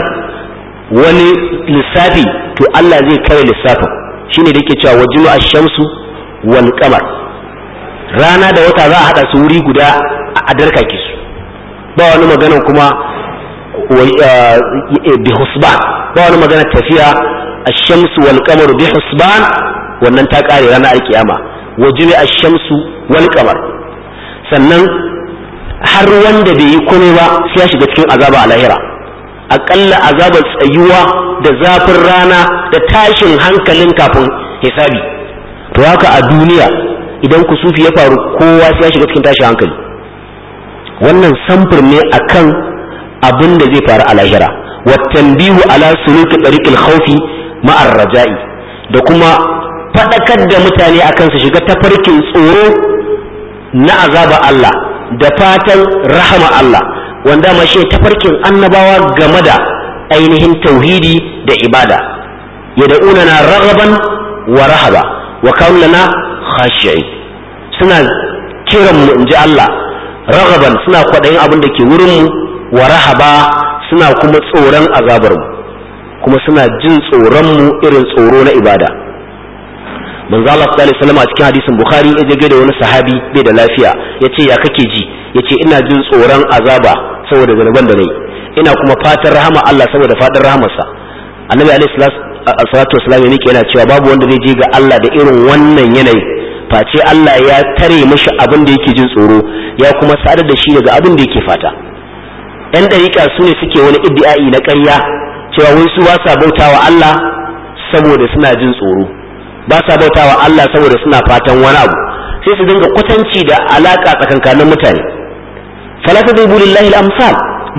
Speaker 1: wani lissafi to Allah zai kare lissafin shi ne da yake cewa wajen a shamsu wal kamar rana da wata za a hada su wuri guda a darkake su ba wani magana kuma eh, eh, bi husban ba wani magana tafiya a shamsu wal kamar bi husban wannan ta kare rana alkiyama wajen a shamsu wal kamar sannan har wanda bai yi komai ba sai ya shiga cikin azaba a lahira aƙalla azabar tsayuwa da zafin rana da tashin hankalin kafin hisabi to haka a duniya idan kusufi ya faru kowa sai ya shiga cikin tashin hankali wannan samfur ne akan abin da zai faru a lahira watanbihu ala suluki tariqil khawfi ma'ar raja'i da kuma faɗakar da mutane akan su shiga tafarkin tsoro na azaba Allah da fatan rahama Allah wanda ma shi tafarkin annabawa game da ainihin tauhidi da ibada Ya da'una na raghaban wa rahaba wa kanu khashiyai suna kiran mu inji Allah rarraban suna kwaɗayin abin da ke wurin mu wa rahaba suna kuma tsoron azabar mu kuma suna jin tsoron mu irin tsoro na ibada manzo Allah sallallahu alaihi wasallam a cikin hadisin bukhari ya je da wani sahabi bai da lafiya yace ya kake ji yace ina jin tsoron azaba saboda zanuban da nayi ina kuma fatan rahama Allah saboda fadin rahamarsa annabi alaihi salatu wasallam ya nike yana cewa babu wanda zai je ga Allah da irin wannan yanayi face Allah ya tare mishi abin da yake jin tsoro ya kuma sadar da shi daga abin da yake fata yan dariƙa su ne suke wani iddi'ai na ƙarya cewa wai su ba bautawa Allah saboda suna jin tsoro ba sa bautawa Allah saboda suna fatan wani abu sai su dinga kwatanci da alaka tsakankanin mutane da tadribu lillahi al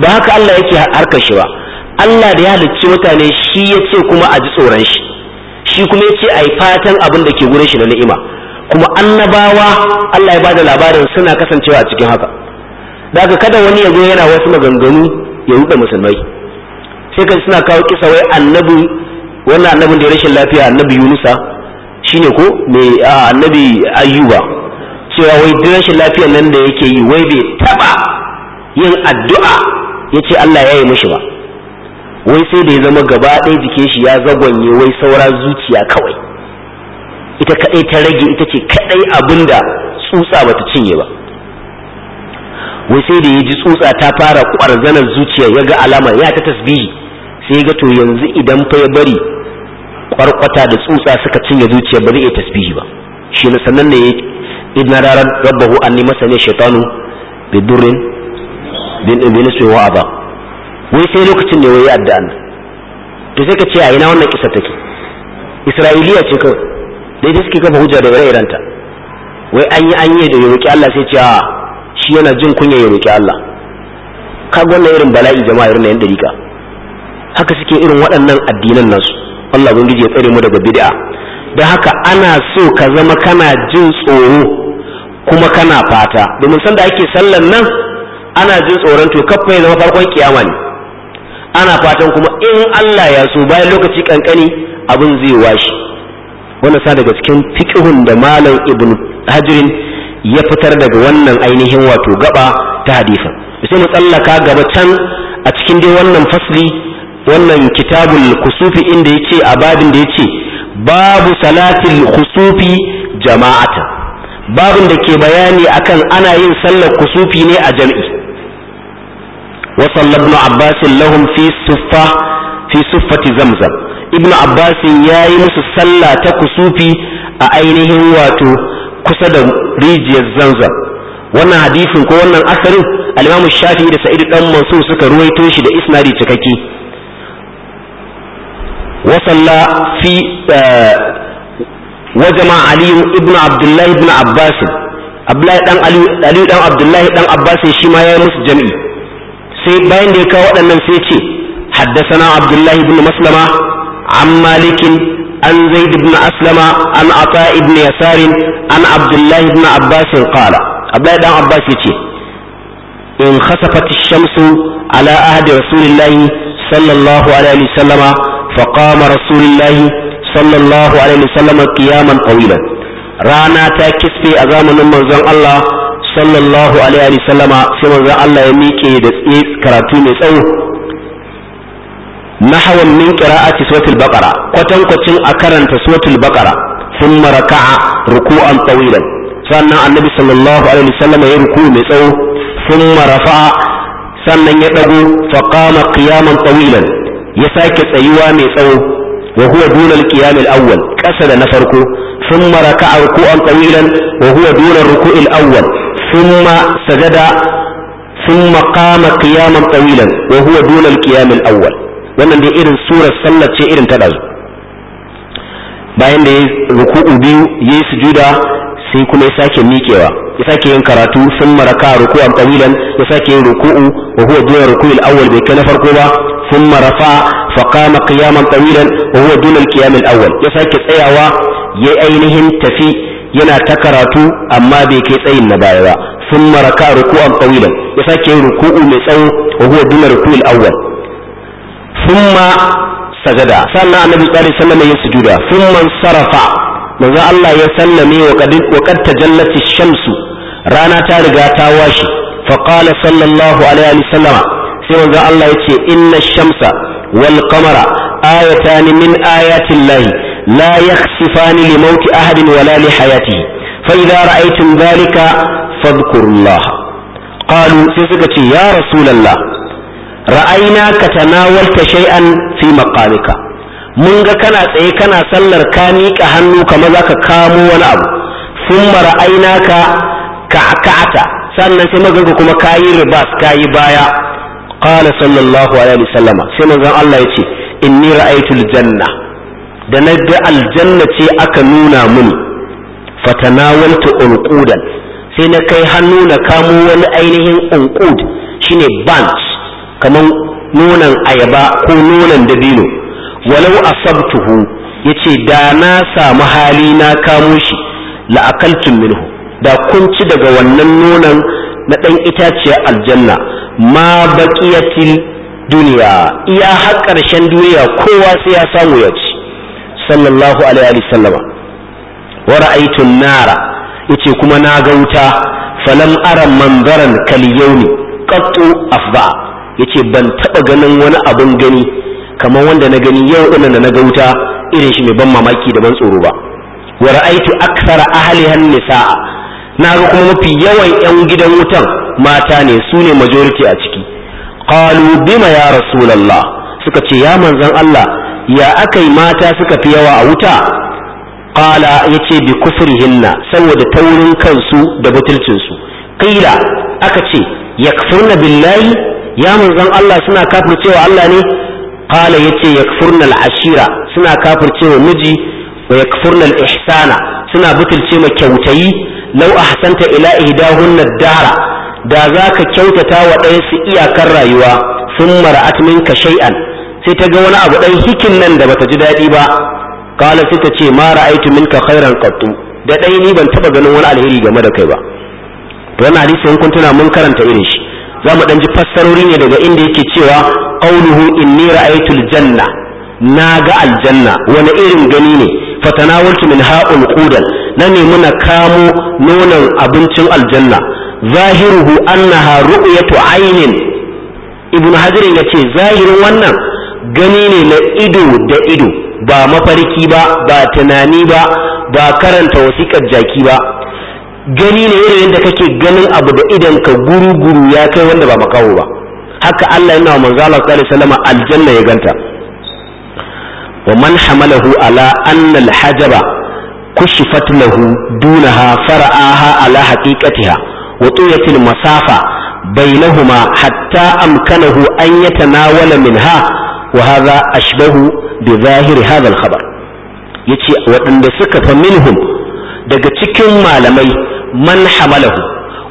Speaker 1: ba haka Allah yake harkar shi ba Allah da ya halicci mutane shi yace kuma a ji tsoron shi shi kuma yace ai fatan abin da ke gurin shi na ni'ima kuma annabawa Allah ya bada labarin suna kasancewa a cikin haka daga kada wani ya zo yana wasu maganganu ya ruɗe musulmai sai kan suna kawo kisa wai annabi wannan annabin da ya rashin lafiya annabi Yunusa shine ko mai annabi ayyuba cewa wai duk rashin lafiyar nan da yake yi wai bai taba yin addu'a yace Allah ya yi mashi ba wai sai da ya zama gaba ɗaya jikin shi ya zagwanye wai saura zuciya kawai ita kaɗai ta rage ita ce kaɗai abin da tsutsa bata cinye ba wai sai da ya ji tsutsa ta fara ƙwarzanar zuciya ya ga alama ya ta tasbihi sai ga to yanzu idan fa ya bari kwarkwata da tsutsa suka cinye zuciya ba zai iya tasbihi ba shi ne sannan ne idan rarar rabbahu anni masani shaitanu. bi durrin bin iblis wa aba wai sai lokacin ne wai addu'a to sai ka ce a ina wannan kisa take isra'iliya ce ka dai da suke kafa hujja da ire ta wai an yi an yi da ya roki Allah sai ce a shi yana jin kunya ya roki Allah kaga wannan irin bala'i jama'a irin na yan dariƙa haka suke irin waɗannan addinan nasu Allah ubangiji ya tsare mu daga bid'a da haka ana so ka zama kana jin tsoro kuma kana fata domin sanda ake sallan nan ana jin tsoron to kafa ya zama farkon kiyama ne ana fatan kuma in Allah ya so bayan lokaci kankani abin zai washi wannan sa daga cikin fiqhun da malam ibnu hajirin ya fitar daga wannan ainihin wato gaba ta hadisan sai mu tsallaka gaba can a cikin dai wannan fasli wannan kitabul kusufi inda yace a babin da yace babu salatil kusufi jama'ata babin da ke bayani akan ana yin sallar kusufi ne a jam'i wa sallallahu abbasin lahum fi suffa fi suffati zamzam ibnu abbasin yayi musu sallah ta kusufi a ainihin wato kusa da rijiyar zamzam wannan hadisin ko wannan asarin al-imam shafi'i da sa'id dan mansur suka ruwaito shi da isnadi cikakke وصلى في وجمع علي ابن عبد الله Abdullahi ɗan Aliyu ɗan Abdullahi ɗan Abbas shi ma ya yi musu jami'i sai bayan da ya waɗannan sai ce haddasana Abdullahi ibn Maslama an malikin an zaid ibn Aslama an ata ibn Yasarin an Abdullahi ibn Abbas qala Abdullahi ɗan Abbas ya ce in khasafat shamsu ala ahdi Rasulillahi sallallahu alaihi wasallama فقام رسول الله صلى الله عليه وسلم قياما طويلا رانا تا كسفي أزامن منزل الله صلى الله عليه وسلم سمع الله يميكي دسئيس كراتون يسأو نحو من قراءة سورة البقرة قتن قتن أكرن سورة البقرة ثم ركع ركوعا طويلا sannan annabi sallallahu alaihi wasallam ya ruku mai tsawo thumma rafa'a sannan ya dago fa qama qiyaman tawilan ya sake tsayuwa mai tsawo wa huwa duna al-qiyam awwal kasa da na farko thumma raka'a ruku'an qawilan wa huwa duna ar-ruku' awwal thumma sajada thumma qama qiyaman qawilan wa huwa duna al awwal wannan dai irin surar sallar ce irin ta dazu bayan da ya ruku'u biyu yayi sujuda sai kuma ya sake miƙewa ya sake yin karatu sun maraka ruku'an qalilan ya sake yin ruku'u wa huwa duna ruku'il awwal bai kai na farko ba sun marafa fa qama qiyaman qalilan wa huwa duna ya sake tsayawa yayi ainihin tafi yana ta karatu amma bai kai tsayin na baya ba sun maraka qalilan ya sake yin ruku'u mai tsawo wa huwa duna ruku'il awwal thumma sajada sannan annabi sallallahu alaihi wasallam ya sujuda sarafa manzo Allah ya sallame wa qad wa qad tajallati shamsu rana ta riga ta washi fa qala sallallahu alaihi wa sallama sai manzo Allah yace inna shamsa wal qamara ayatan min ayati Allah la yakhsifani li mauti ahadin wala li hayatihi fa idza ra'aytum dhalika fadhkurullah qalu sai suka ce ya rasulullah ra'aynaka tanawalta shay'an fi maqamika mun ga kana tsaye kana sallar ka miƙa hannu kamar za ka kamo wani abu sun mara aina ka ka'ata sannan sai maganka kuma ka yi ribas ka yi baya qala sallallahu alaihi sallama sai manzon Allah ya ce inni ra'aitul janna da na ga aljanna ce aka nuna mini fatanawaltu unqudan sai na kai hannu na kamo wani ainihin unqud shine bans kamar nonon ayaba ko nonon dabino walau asabtuhu yace da na samu hali na kamo shi la minhu da kun ci daga wannan nonon na dan itaciyar aljanna ma baqiyatil duniya iya har karshen duniya kowa sai ya samu ya ci sallallahu alaihi wa sallama wa ra'aytu nara yace kuma na ga wuta falam ara manzaran kal yawmi qattu afba yace ban taba ganin wani abun gani kamar wanda na gani yau ɗin da na ga wuta irin shi mai ban mamaki da ban tsoro ba wa ra'aitu akthara ahli nisaa na ga kuma mafi yawan yan gidan wutan mata ne su ne majority a ciki qalu bima ya rasulullah suka ce ya manzon Allah ya akai mata suka fi yawa a wuta qala yace bi kufrihinna saboda taurin kansu da butulcin su qila aka ce yakfurna billahi ya manzon Allah suna kafircewa Allah ne qala yace yakfurna al-ashira suna kafircewa miji wa yakfurna al-ihsana suna butulce ma kyautayi law ahsanta ila ihdahunna ad-dara da zaka kyautata wa ɗaya su iyakar rayuwa sun mara'at minka shay'an sai ta ga wani abu ɗan hikin nan da bata ji daɗi ba qala sai ta ce ma ra'aytu minka khairan qattu da ɗaya ni ban taɓa ganin wani alheri game da kai ba to wannan hadisi kun tuna mun karanta irin shi za mu ɗan ji fassarori ne daga inda yake cewa in ni ra'aytu janna, na ga aljanna wani irin gani ne fatanawaltu min ha'ul qudan na nemi na kamo nonon abincin aljanna zahiruhu annaha ru'yatu aynin ibn hajar ya ce zahirin wannan gani ne na ido da ido ba mafarki ba ba tunani ba ba karanta wasiƙar jaki ba gani ne yanayin da kake ganin abu da idan ka guru-guru ya kai wanda ba makaho ba haka Allah yana wa manzo Allah sallallahu alaihi wasallam aljanna ya ganta wa man hamalahu ala anna alhajaba kushifat lahu dunaha fara'aha ala haqiqatiha wa tuyatil masafa bainahuma hatta amkanahu an yatanawala minha wa hadha ashbahu bi zahiri hadha alkhabar yace waɗanda suka fa minhum daga cikin malamai man hamalahu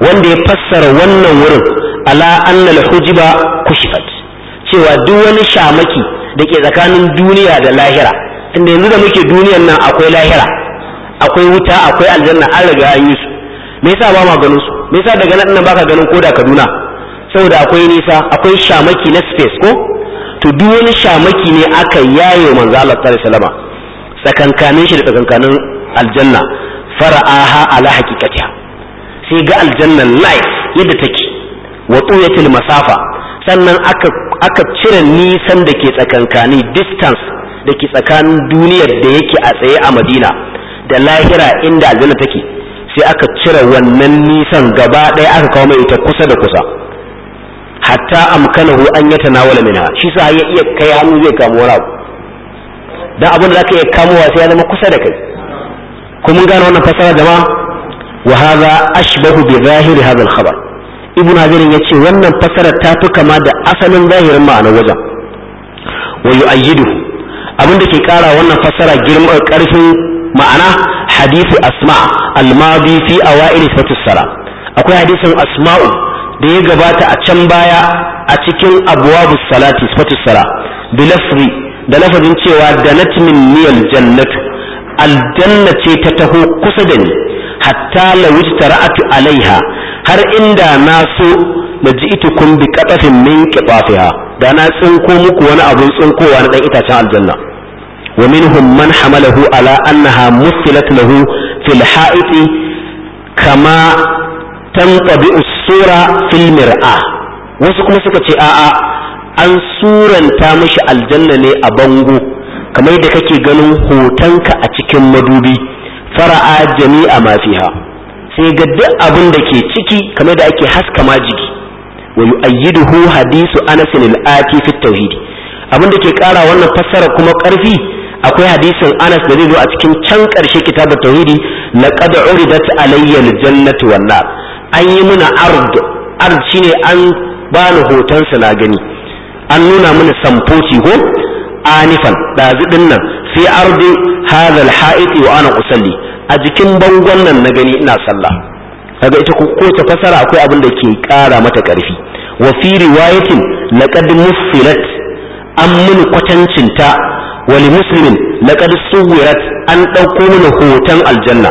Speaker 1: wanda ya fassara wannan wurin ala annal al-hujiba kushifat cewa duk wani shamaki da ke tsakanin duniya da lahira inda yanzu da muke duniyan nan akwai lahira akwai wuta akwai aljanna an riga an yi su me yasa ba ma ganin su me yasa daga nan baka ganin koda Kaduna saboda akwai nisa akwai shamaki na space ko to duk wani shamaki ne aka yayo manzo Allah sallallahu alaihi wasallam tsakankanin shi da tsakankanin aljanna fara'aha ala haqiqatiha sai ga aljannan life yadda take wa tuyatil masafa sannan aka aka cire nisan da ke tsakankani distance da ke tsakanin duniyar da yake a tsaye a Madina da lahira inda aljanna take sai aka cire wannan nisan gaba ɗaya aka kawo mai ita kusa da kusa hatta amkanahu an wala minha shi sa ya iya kai hannu zai kamo wani abu dan abin da zaka iya kamowa sai ya zama kusa da kai Kuma mun gane wannan fasara jama'a wa hadha ashbahu bi zahiri hadha al-khabar ibnu hajar yace wannan fasara ta fi kama da asalin zahirin ma'anar wajen wa yu'ayyidu abin da ke kara wannan fasara girman karfin ma'ana hadithu asma al-madi fi awail akwai hadisin asma'u da ya gabata a can baya a cikin abwabus salati sifatus sala da lafazin cewa da natmin niyal jannatu aljanna ce ta taho kusa da ni hatta la wujtara'atu alaiha har inda na so da kun bi qatafin min qitafiha da na tsinko muku wani abun tsinkowa na dan itacen aljanna wa minhum man hamalahu ala annaha musilat lahu fil ha'iti kama tanqabi sura fil mir'a wasu kuma suka ce a'a an suranta mishi aljanna ne a bango kamar yadda kake ganin hotonka a cikin madubi fara'a jami'a ma fiha sai ga duk abin da ke ciki kamar da ake haska majigi wa yu'ayyiduhu hadisu Anas al-Ati fi tauhid abin da ke kara wannan fassara kuma karfi akwai hadisin Anas da zai zo a cikin can karshe kitabut tauhidi laqad uridat alayya al-jannatu wan nar an yi muna ard ard shine an bani hoton sa na gani an nuna mana samfoci ko anifan ɗazu nan fi ardi hadha alha'it wa ana usalli a jikin bangon nan na gani ina sallah kaga ita ko ta fasara akwai abin da ke ƙara mata ƙarfi wa fi riwayatin laqad mufsilat an mun kwatancin ta wa li muslimin laqad suwirat an ɗauko mana hoton aljanna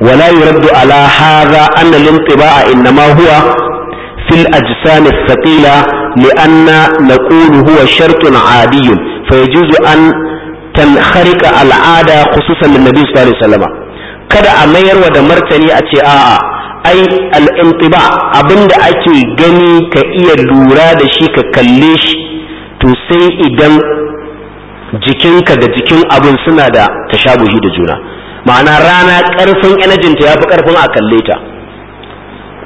Speaker 1: wala yuraddu ala hadha anna al-intiba'a innama huwa في الأجسام li anna نقول huwa شرط عادي فيجوز yajuzu تنخرق tanharika al'ada للنبي صلى الله عليه وسلم kada a mayar wa da martani a ce a'a ai al'intiba abinda ake gani ka iya lura da shi ka kalle shi to sai idan jikinka da jikin abin suna da tashabuhi da juna ma'ana rana ƙarfin enajinta ya fi ƙarfin a kalle ta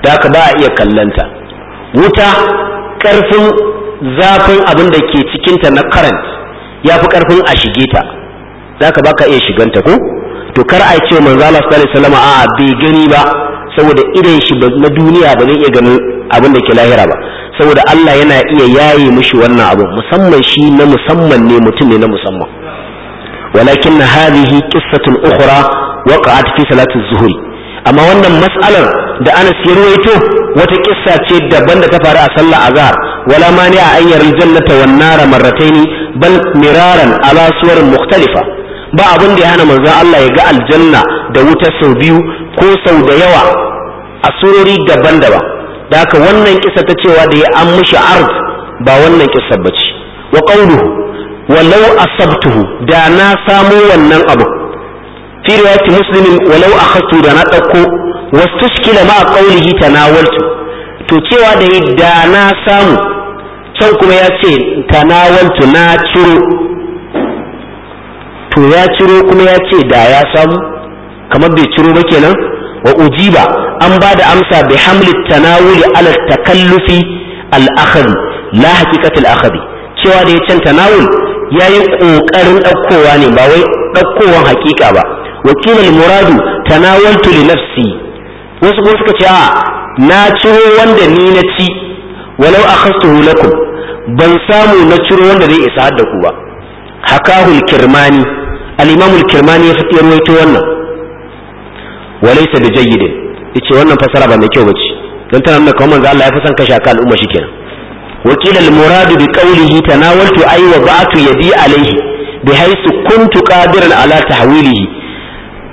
Speaker 1: da ka ba a iya kallanta wuta ƙarfin zafin abin da ke cikinta na current ya fi karfin a shige ta za ka baka iya shigan ta ko to kar a ce manzo Allah sallallahu alaihi wasallam a bai gani ba saboda idan shi na duniya ba zai iya ganin abin da ke lahira ba saboda Allah yana iya yaye mushi wannan abu musamman shi na musamman ne mutum ne na musamman walakin hadhihi qissatun ukhra waqa'at fi salati zuhri amma wannan mas'alar da Anas ya ruwaito wata kissa ce daban da ta faru a sallar azhar wala mani a ayyar jannata wan nara marrataini bal miraran ala suwar mukhtalifa ba abin da ya hana manzon Allah ya ga aljanna da wuta sau biyu ko sau da yawa a surori daban-daban da haka wannan kissa ta cewa da ya an mishi ard ba wannan kissa bace wa qawluhu walau asabtuhu da na samu wannan abu fi riwayati muslimin walau akhadtu da na dauko wastashkila ma qawlihi tanawaltu to cewa da da na samu can kuma ya ce na ciro to ya ciro kuma ya ce da ya samu kamar bai ciro ba kenan wa ujiba an ba da amsa bi hamli tanawuli ala takallufi al akhadhi la haqiqatul akhadhi cewa da ya can tanawul yayi kokarin ɗaukowa ne ba wai ɗaukowan hakika ba wakilin muradu tanawaltu li nafsi wasu kuma suka ce a na ciro wanda ni na ci walau akhastuhu lakum ban samu na ciro wanda zai isa hadda ku ba hakahul kirmani al-imam al-kirmani ya fitar ruwaito wannan walaysa bi jayyidin yace wannan fasara ba mai kyau bace dan tana nuna kamar manzo Allah ya fi son kashe aka al'umma shikenan وكيل المراد بقوله تناولت أي وضعت يدي عليه بحيث كنت قادرا على تحويله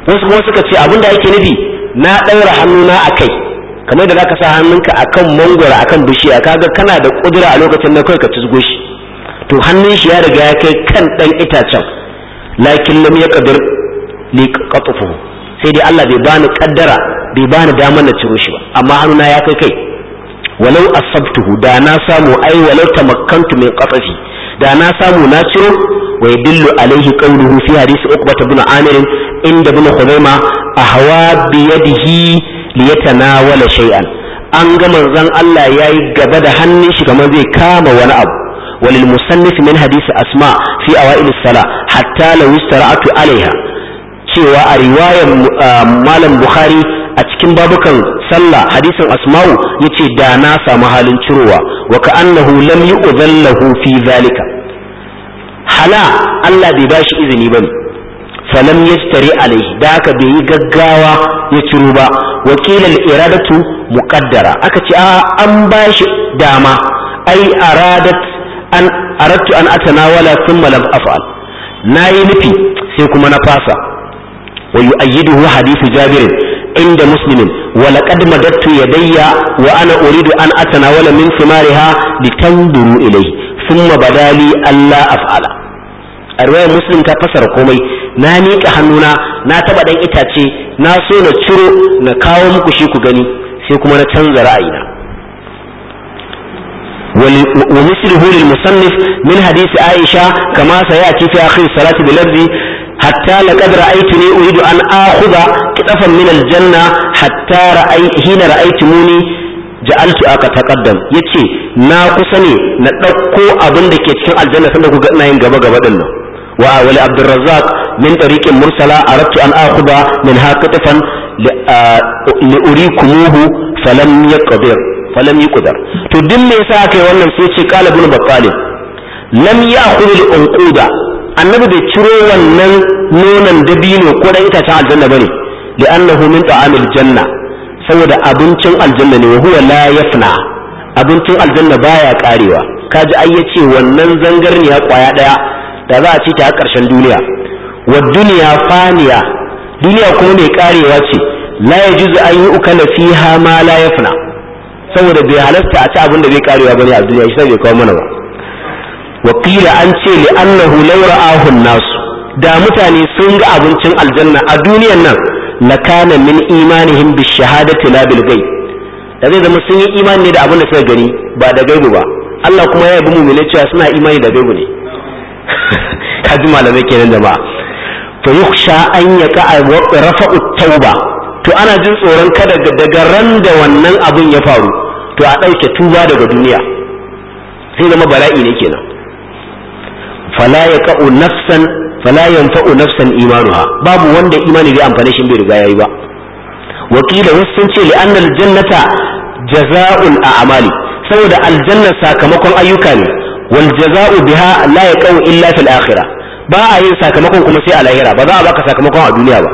Speaker 1: wasu kuma suka ce abinda yake nufi na ɗaura hannuna a kai kamar da ka sa hannunka a akan mangwara kan bishiya kaga kana da ƙudura a lokacin na kai ka tusgo shi to hannun shi ya riga ya kai kan ɗan itacen lakin lam yaqdir liƙa qatfuhu sai dai Allah bai bani kaddara bai bani damar na ciro shi ba amma hannuna ya kai kai walau asabtuhu da na samu ai walau tamakkantu min qatfi da na samu na ciro wa yadullu alaihi qawluhu fi hadisi ukba ibn amir inda bin khuzaima a hawa yadihi liyatanawala shay'an an ga manzon Allah yayi gaba da hannun shi kamar zai kama wani abu walil musannif min hadisi asma fi awail as-sala hatta law istara'atu alaiha cewa a riwayar ah, malam bukhari a cikin babukan sallah hadisin asma'u yace da na samu halin cirowa wa ka'annahu lam yu'dhallahu fi zalika hala Allah bai bashi izini bane Salam falam yastari alaihi da aka bai yi gaggawa ya ciro ba wakilin iradatu muqaddara aka ce an bashi dama ai aradat an aradtu an atana wala thumma lam af'al nayi nufi sai kuma na fasa wa yu'ayyiduhu hadithu jabir inda muslimin wa laqad ya dayya wa ana uridu an atana wala min thimariha litanduru ilayhi thumma badali alla af'ala a riwayar muslim ta fasara komai na miƙa hannuna na taɓa ɗan itace na so na ciro na kawo muku shi ku gani sai kuma na canza ra'ayina ومثله للمصنف من حديث عائشة كما سيأتي في آخر الصلاة بلفظ حتى لقد رأيتني أريد أن آخذ كتفا من الجنة حتى رأي حين رأيتموني ja'altu aka taqaddam yace na kusa ne na ɗauko abin da ke cikin aljanna sanda ku yin gaba gaba ولعبد الرزاق من طريق مرسلة أردت أن آخذ منها قطفا لأريكموه فلم يقدر فلم يقدر تدم يساك وانا سيتي قال ابن بطال لم يأخذ الأنقود annabi bai ciro wannan nonon dabino ko dan itacen aljanna bane li'annahu min ta'amil janna saboda abincin aljanna ne huwa la yafna abincin aljanna baya ƙarewa. kaji ai yace wannan zangarniya kwaya ɗaya. da za a ci ta har ƙarshen duniya wa duniya faniya duniya kuma mai karewa ce la juzu an yi ukala fiha ma la yafna saboda bai halasta a ci abin da bai karewa bane a duniya shi sai bai kawo mana ba wa qila an ce li annahu law ra'ahu an-nas da mutane sun ga abincin aljanna a duniyan nan kana min imanihim bi shahadati la bil ghaib da zai zama sun yi imani ne da abin da suka gani ba da gaibu ba Allah kuma ya yabi mu'mini cewa suna imani da gaibu ne kaji malamai kenan da ba to yuksha an ya ka rafa tauba to ana jin tsoron kada daga ran da wannan abin ya faru to a ɗauke tuba daga duniya sai zama bala'i ne kenan fala yaqa'u nafsan fala nafsan imanuha babu wanda imani bai amfane shi bai riga yayi ba wakila wasu sun ce li'anna aljannata a a'mali saboda aljanna sakamakon ayyuka ne wal jaza'u biha la yaqau illa fil akhirah ba a yin sakamakon kuma sai a lahira ba za a baka sakamakon a duniya ba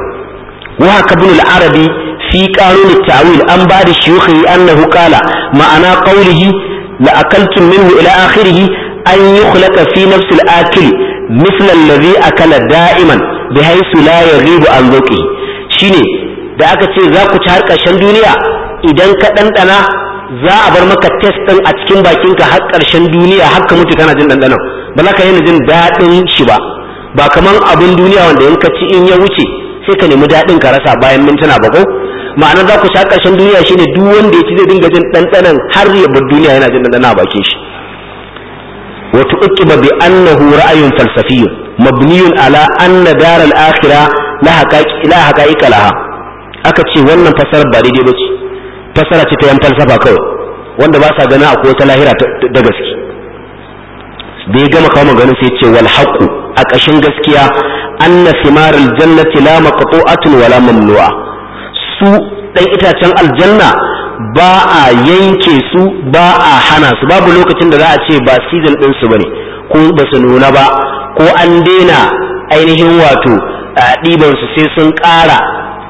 Speaker 1: wa haka ibn al-arabi fi qanun at-ta'wil an ba da shuyukhi annahu qala ma'ana qawlihi la akaltum minhu ila akhirih an yukhlaqa fi nafsi al-akil mithla a akala da'iman bihaythu la yaghibu an dhukri shine da aka ce za ku ci har ƙarshen duniya idan ka ɗanɗana za a bar maka test ɗin a cikin bakinka har ƙarshen duniya har ka mutu kana jin ɗanɗanon ba za ka yi jin daɗin shi ba ba kamar abin duniya wanda in ka ci in ya wuce sai ka nemi daɗin ka rasa bayan mintuna ba ko ma'ana za ku sha ƙarshen duniya shine duk wanda ya ci zai dinga jin dandano har ya bar duniya yana jin dandano a bakin shi wa tuqiba bi annahu ra'yun falsafiyyu mabniyun ala anna daral akhirah la haqa'iqa laha aka ce wannan fasarar ba daidai ba ce Fasara ce ta yan falsafa kawai wanda ba sa gana akwai wata lahira da gaske da ya gama kawo maganin sai ce wal haqu a ƙashin gaskiya anna thimar aljannati la maqtu'atun wala mamnu'a su ɗan itacen aljanna ba a yanke su ba a hana su babu lokacin da za a ce ba season din su bane ko ba su nuna ba ko an daina ainihin wato a ɗiban sai sun ƙara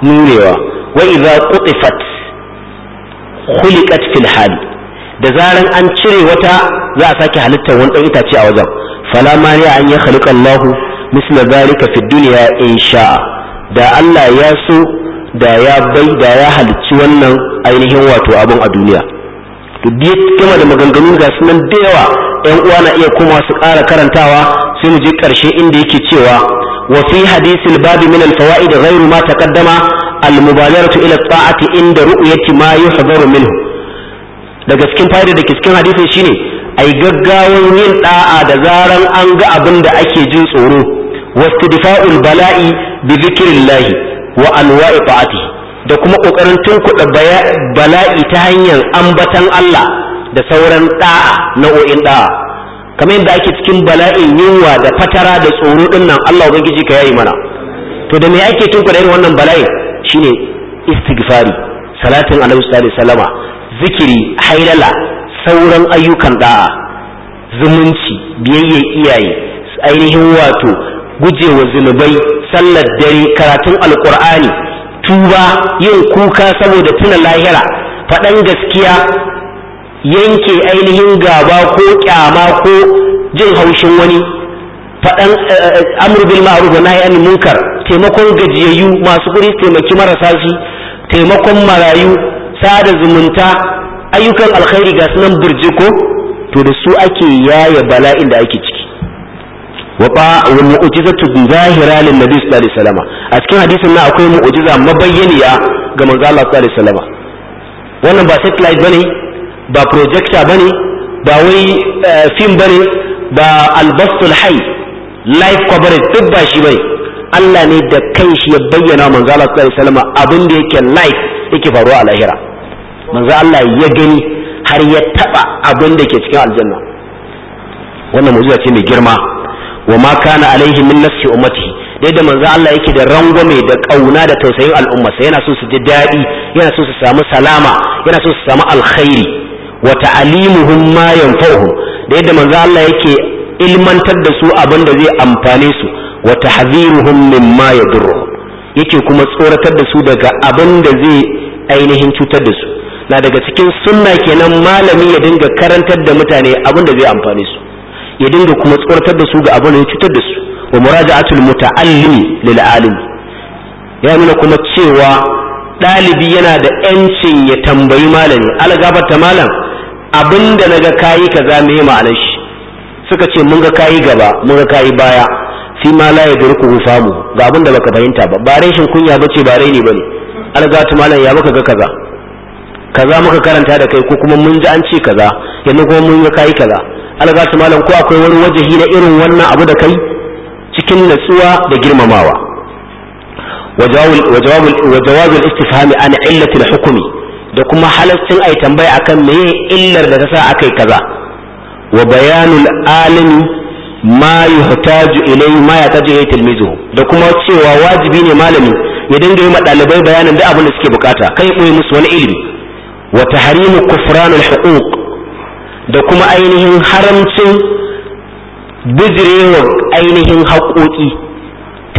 Speaker 1: nunewa wa idza qutifat khuliqat fil hal da zaran an cire wata za a sake halittar wani dan itace a wajen fala mani an ya khaliqa Allahu misla zalika fid dunya in sha'a da Allah ya so da ya bai da ya halicci wannan ainihin wato abun a duniya to duk gama da maganganun ga sunan da yawa ƴan uwa na iya komawa su ƙara karantawa sai mu je ƙarshe inda yake cewa wa fi babu babi min al-fawaid ghayru ma taqaddama al-mubadaratu ila at-ta'ati inda ru'yati ma yuhdaru minhu daga cikin fa'ida da cikin hadisin shine ai gaggawar yin da'a da zaran an ga abin da ake jin tsoro wastidfa'ul bala'i bi dhikrillah wa anwa'i ta'ati da kuma kokarin tunkuɗa bala'i ta hanyar ambatan Allah da sauran da'a nau'o'in da'a kamar yadda ake cikin bala'in yunwa da fatara da tsoro din nan Allah ubangiji ka yayi mana to da me ake tunkuda irin wannan bala'in shine istighfari salatin alaihi sallallahu salama zikiri hailala sauran ayyukan da'a zumunci biyayyar iyaye ainihin wato gujewa zunubai sallar dare karatun alqur'ani tuba yin kuka saboda tuna lahira faɗan gaskiya yanke ainihin gaba ko kyama ko jin haushin wani faɗan eh, eh, amru bil ma'ruf wa nahy anil munkar taimakon gajiyayyu masu kuɗi taimaki marasa shi taimakon marayu sada zumunta ayyukan alkhairi ga sunan ko to da su ake yaya bala'in da ake ciki wa ba wa tu zahira lin nabi sallallahu alaihi wasallam a cikin hadisin nan akwai mu'jiza mabayyaniya ga manzo Allah sallallahu alaihi wasallam ba satellite ba projector bane ba wai eh, film bane ba albastul hai live coverage duk ba shi bane Allah ne da kanshi ya bayyana manzo Allah sallallahu alaihi wasallam abin da yake live yake faruwa a lahira manzo Allah ya gani har ya taba abin da ke cikin aljanna wannan mu'jiza ce mai girma wa ma kana alaihi min nafsi ummati dai da manzo Allah yake da rangwame da kauna da tausayin al'umma yana so su ji daɗi yana so su samu salama yana so su samu alkhairi wa ta'alimuhum ma yanfa'uhum da yadda manzo Allah yake ilmantar da su abin da zai amfane su wa tahdhiruhum mimma yadurru yake kuma tsoratar da su daga abin da zai ainihin cutar da su na daga cikin sunna kenan malami ya dinga karantar da mutane abin da zai amfane su ya dinga kuma tsoratar da su ga abin da zai cutar da su wa muraja'atul muta'allimi lil alim ya nuna kuma cewa ɗalibi yana da ‘yancin ya tambayi malami ta malam abinda naga kayi kaza me ma'anar shi suka ce mun ga kayi gaba mun ga kayi baya fi ma la ku samu ga abinda baka fahimta ba ba rashin kunya bace ba raini bane algatu malam ya baka ga kaza kaza muka karanta da kai ko kuma mun ji an ce kaza yanzu kuma mun ga kayi kaza algatu malam ko akwai wani wajahi na irin wannan abu da kai cikin natsuwa da girmamawa Wa وجواب الاستفهام عن علة hukmi da kuma halaccin ai tambaya akan meye illar da ta sa aka yi kaza wa bayanul alimi ma yuhtaju ilai ma ya da kuma cewa wajibi ne malami ya dinga yi ma ɗalibai bayanin da abin da suke bukata kai ya musu wani ilimi wa tahrimu kufranul huquq da kuma ainihin haramcin bijirewa ainihin haƙoƙi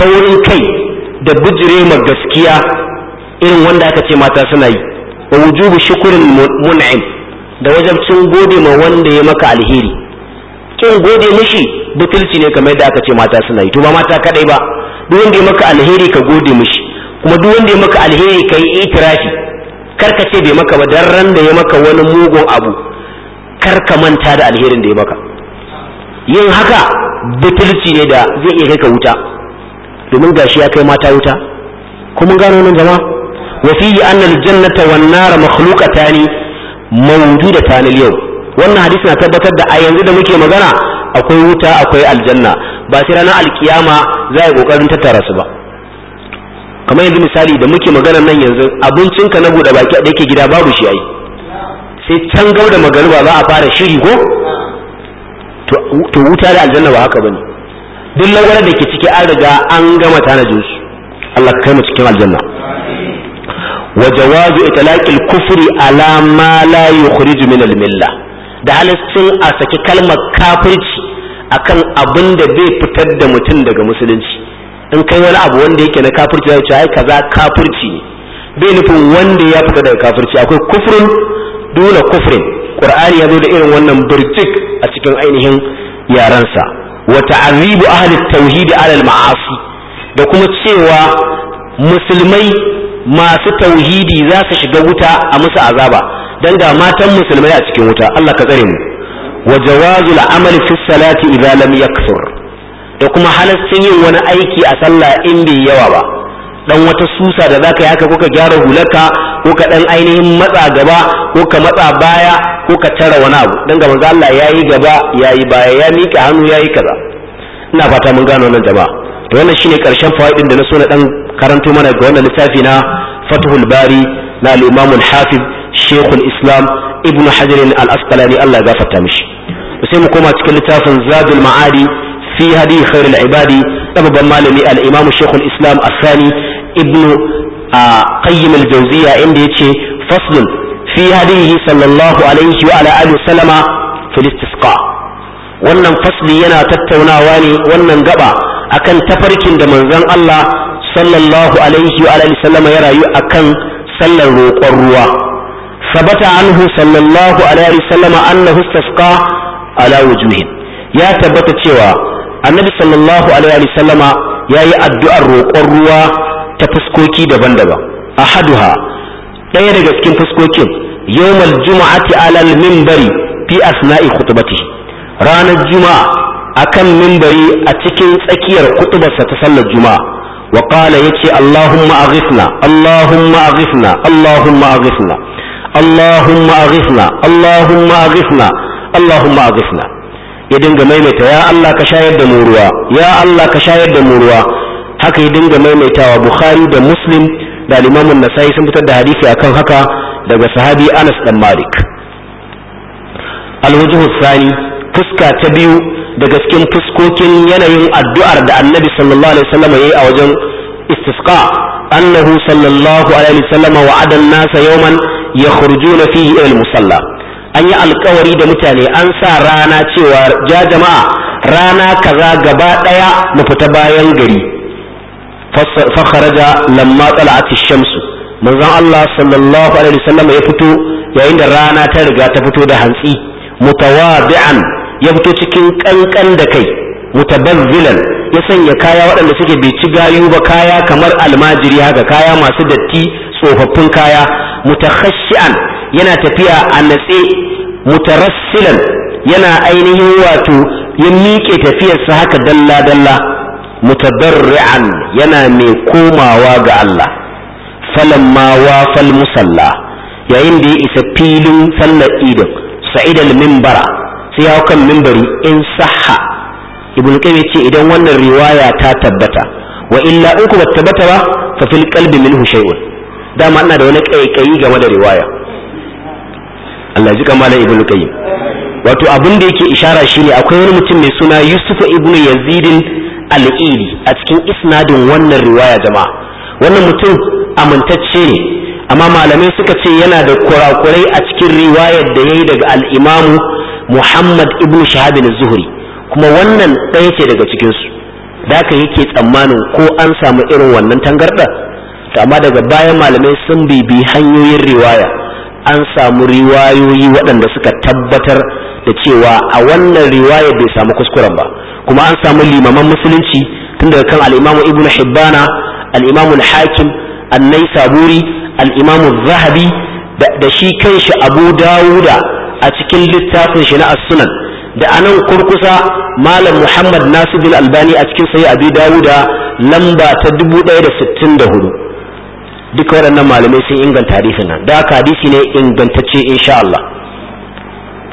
Speaker 1: ta wurin kai da bijire gaskiya irin wanda aka ce mata suna yi wa wujubu shukrin mun'im da wajabcin gode ma wanda ya maka alheri kin gode mishi butulci ne kamar yadda aka ce mata suna yi to ba mata kadai ba duk wanda ya maka alheri ka gode mishi kuma duk wanda ya maka alheri ka yi itirafi ka ce bai maka ba dan ran da ya maka wani mugun abu kar ka manta da alherin da ya maka yin haka butulci ne da zai iya kai ka wuta domin gashi ya kai mata wuta kuma gano nan jama'a وفيه أن الجنة والنار مخلوقتان موجودتان yau. wannan hadisi na tabbatar da a yanzu da muke magana akwai wuta akwai aljanna ba sai ranar alkiyama za a kokarin tattara su ba kamar yanzu misali da muke magana nan yanzu abincin ka na buɗe baki da yake gida babu shi ai sai can gau da magariba za a fara shiri ko to wuta da aljanna ba haka bane duk lagwara da ke ciki an riga an gama tanajin su Allah ka kai cikin aljanna wa jawazu itlaqil kufri ala ma la yukhrij min milla da halaccin a saki kalmar kafirci akan abin da bai fitar da mutum daga musulunci in kai wani abu wanda yake na kafirci ya ce ai kaza kafirci ne bai nufin wanda ya fita daga kafirci akwai kufrun dole kufrin qur'ani ya zo da irin wannan birtik a cikin ainihin yarensa wa ta'azibu ahli tauhid ala al ma'asi da kuma cewa musulmai masu tauhidi za su shiga wuta a musu azaba dan ga matan musulmai a cikin wuta Allah ka tsare mu wa jawazul amali fi salati idza lam yakthur da kuma halaccin yin wani aiki a sallah in bai yawa ba dan wata susa da zaka yi haka ko ka gyara hularka ko ka dan ainihin matsa gaba ko ka matsa baya ko ka tara wani abu dan ga manzo Allah yayi gaba yayi baya ya mika hannu yayi kaza ina fata mun gano nan jama'a to wannan shine karshen fawaidin da na so na dan karanto mana ga wannan littafi na Fathul Bari na al hafiz Sheikh islam Ibn Hajar al Allah ya gafarta mishi sai mu koma cikin littafin Zadul Ma'adi fi hadi khairul ibadi babban malami al-Imam islam Asani Ibn Qayyim al-Jawziya inda yace faslun fi hadihi sallallahu alaihi wa ala alihi sallama fil istisqa wannan fasli yana tattaunawa ne wannan gaba akan tafarkin da manzon Allah sallallahu alaihi wa alihi sallama ya rayu a kan sallar roƙon ruwa sabata anhu sallallahu alaihi sallama annahu istasqa ala wujuhin ya tabbata cewa annabi sallallahu alaihi sallama yi addu'ar roƙon ruwa ta fuskoki daban-daban A ahaduha ɗaya daga cikin fuskokin yawmal juma'ati alal minbari fi asna'i khutbatihi ranar juma'a akan minbari a cikin tsakiyar kutubarsa ta sallar juma'a وقال يتشي اللهم أغثنا اللهم أغثنا اللهم أغثنا اللهم أغثنا اللهم أغثنا اللهم أغثنا يدنغ ميمتا يا الله كشايد مروا يا الله كشايد مروا هكا يدنغ ميمتا وبخاري دا مسلم دا الإمام النسائي سنبتا دا حديثي أكا هكا دا صحابي أنس دا مالك الوجه الثاني fuska ta biyu daga cikin fuskokin yanayin addu'ar da annabi sallallahu alaihi wasallam yayi a wajen istisqa annahu sallallahu alaihi wasallam wa'ada an-nasa yawman yakhrujuna fihi ila al-musalla an yi alkawari da mutane an sa rana cewa ja jama'a rana kaza gaba daya mu fita bayan gari fa kharaja lamma tala'at ash-shamsu manzon Allah sallallahu alaihi wasallam ya fito yayin da rana ta riga ta fito da hantsi mutawadi'an ya fito cikin kankan da kai mutabazzilan ya sanya kaya waɗanda suke bai ci gayu ba kaya kamar almajiri haka kaya masu datti tsofaffin kaya mutakhashi'an yana tafiya a natse mutarassilan yana ainihin wato ya miƙe tafiyarsa haka dalla dalla mutadarri'an yana mai komawa ga Allah falamma wafal musalla yayin da ya isa filin sallar idin sa'idal mimbara sai ya kan mimbari in sahha ibn qayyim yace idan wannan riwaya ta tabbata wa illa in ku tabbata ba fa fil qalbi minhu shay'un dama ina da wani kaikayi game da riwaya Allah ji kamala ibn qayyim wato abin da yake ishara ne akwai wani mutum mai suna Yusuf Ibnu, Yazid al-Ili a cikin isnadin wannan riwaya jama'a wannan mutum amintacce ne amma malamai suka ce yana da kurakurai a cikin riwayar da yayi daga al imamu muhammad ibn shahabin zuhri kuma wannan ɗaya ce daga cikinsu da haka yake tsammanin ko an samu irin wannan tangarɗa to amma daga baya malamai sun bibi hanyoyin riwaya an samu riwayoyi waɗanda suka tabbatar da cewa a wannan riwaya bai samu kuskuren ba kuma an samu limaman musulunci tun daga kan al'imamu ibn hibbana al'imamu hakim annai saburi al'imamu zahabi da shi kanshi abu dawuda a cikin littafin shi na as-sunan da anan kurkusa malam muhammad nasiruddin albani a cikin sahih abi dawuda lamba ta 1064 duka waɗannan malamai sun inganta hadisin nan da aka hadisi ne ingantacce insha Allah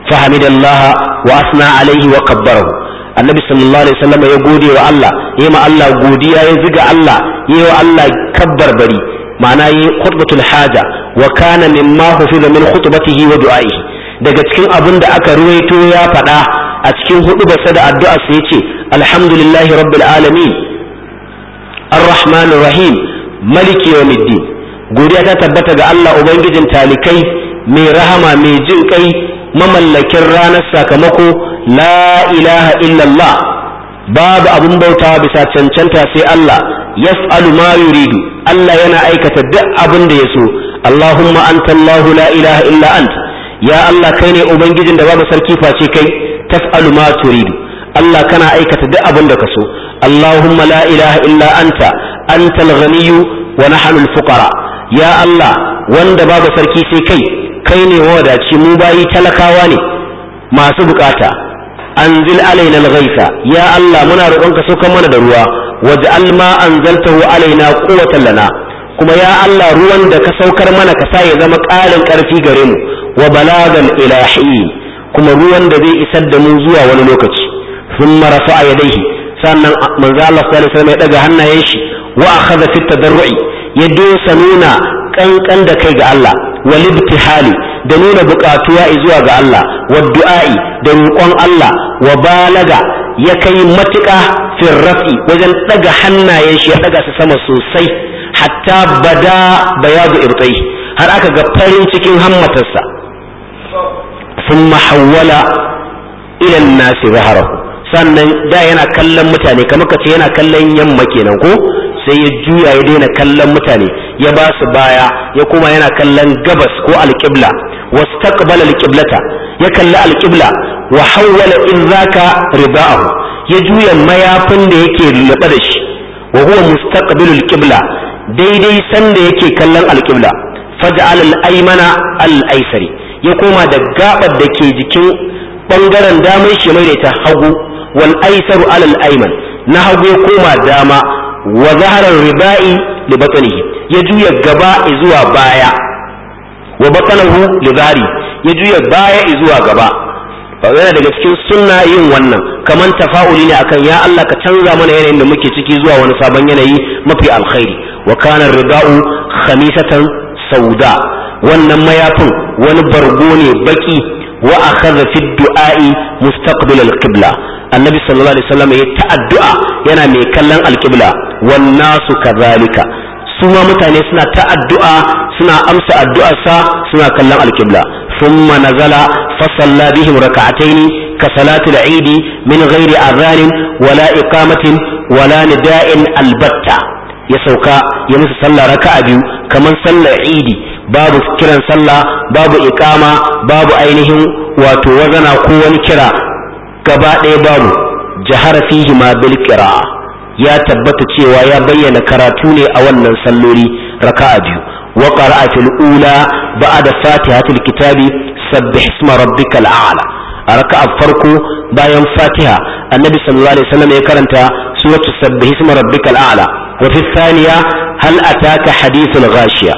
Speaker 1: fahimidallaha wa asna alaihi wa kabbarahu annabi sallallahu alaihi wasallam ya gode wa Allah yayi ma Allah godiya ya ziga Allah yayi wa Allah kabbar bari ma'ana yayi khutbatul haja wa kana mimma hufiza min khutbatihi wa du'aihi daga cikin abin da aka ruwaito ya faɗa a cikin hudu basa da addu'a sai ya ce alhamdulillahi rabbil alamin arrahmanir rahim maliki yawmiddin godiya ta tabbata ga Allah ubangijin talikai mai rahama mai jin kai mamallakin ranar sakamako la ilaha illallah babu abin bauta bisa cancanta sai Allah yaf'alu ma yuridu Allah yana aikata duk abin da ya so Allahumma anta Allah la ilaha illa anta ya Allah kai ne ubangijin da babu sarki face kai taf'alu ma turidu Allah kana aikata duk abin da ka so Allahumma la ilaha illa anta antal ghaniyyu wa nahnu fuqara ya Allah wanda babu sarki sai kai kai ne wadaci mu bayi talakawa ne masu bukata anzil alaina al-ghaytha ya Allah muna roƙonka saukar mana da ruwa waj'al ma anzaltahu alaina quwwatan lana kuma ya Allah ruwan da ka saukar mana ka sa ya zama ƙarin ƙarfi gare mu wa balagan ilahi kuma ruwan da zai isar da mu zuwa wani lokaci thumma a yadayhi sannan manzo Allah sallallahu alaihi wasallam ya daga hannayen shi wa akhadha fi tadarrui ya dosa nuna kankan da kai ga Allah wal ibtihali da nuna buƙatuwa zuwa ga Allah wa du'a'i da roƙon Allah wa balaga ya kai matuƙa firrafi wajen ɗaga hannayen shi ya ɗaga su sama sosai hatta bada bayadu ibtai har aka ga farin cikin hammatarsa sun mahawwala ilan nasi zaharahu sannan da yana kallon mutane kamar ka ce yana kallon yamma kenan ko sai ya juya ya daina kallon mutane ya ba su baya ya kuma yana kallon gabas ko alƙibla wastaqbala alƙiblata ya kalli alƙibla. wa hawwala in zaka rida'ahu ya juya mayafin da yake lullube da shi wa huwa mustaqbilul qibla daidai sanda yake kallon alqibla faj'al al-aymana al-aysari ya koma da gabar da ke jikin bangaren damar shi mai ta hagu wal aysaru ala al-ayman na hagu ya koma dama wa zaharar riba'i li batnihi ya juya gaba zuwa baya wa batnahu li ya juya baya zuwa gaba yana daga cikin sunna yin wannan kamar tafa'uli ne akan ya Allah ka canza mana yanayin da muke ciki zuwa wani sabon yanayi mafi alkhairi wa kana rida'u khamisatan sauda wannan mayafin wani bargo ne baki wa akhadha fi du'a'i mustaqbil al-qibla annabi sallallahu alaihi wasallam ya ta'addu'a yana mai kallon al-qibla wan nasu kadhalika su mutane suna ta addu'a suna amsa addu'ar sa suna kallon alkibla thumma nazala fa salla bihim raka'ataini ka salatul eid min ghairi adhan wala iqamatin wala nida'in albarta ya sauka ya musu sallah raka'a biyu kamar sallar eid babu kiran sallah babu iqama babu ainihin wato wazana ko wani kira gaba ɗaya babu jihar fihi ma bil ya tabbata cewa ya bayyana karatu ne a wannan salloli raka'a biyu wa ba'a da ula ba'da fatihatil kitabi sabbih isma rabbikal a'la a raka'a farko bayan fatiha annabi sallallahu alaihi wasallam ya karanta suratu sabbih isma rabbikal a'la wa fi thaniya hal ataka hadithul ghashiya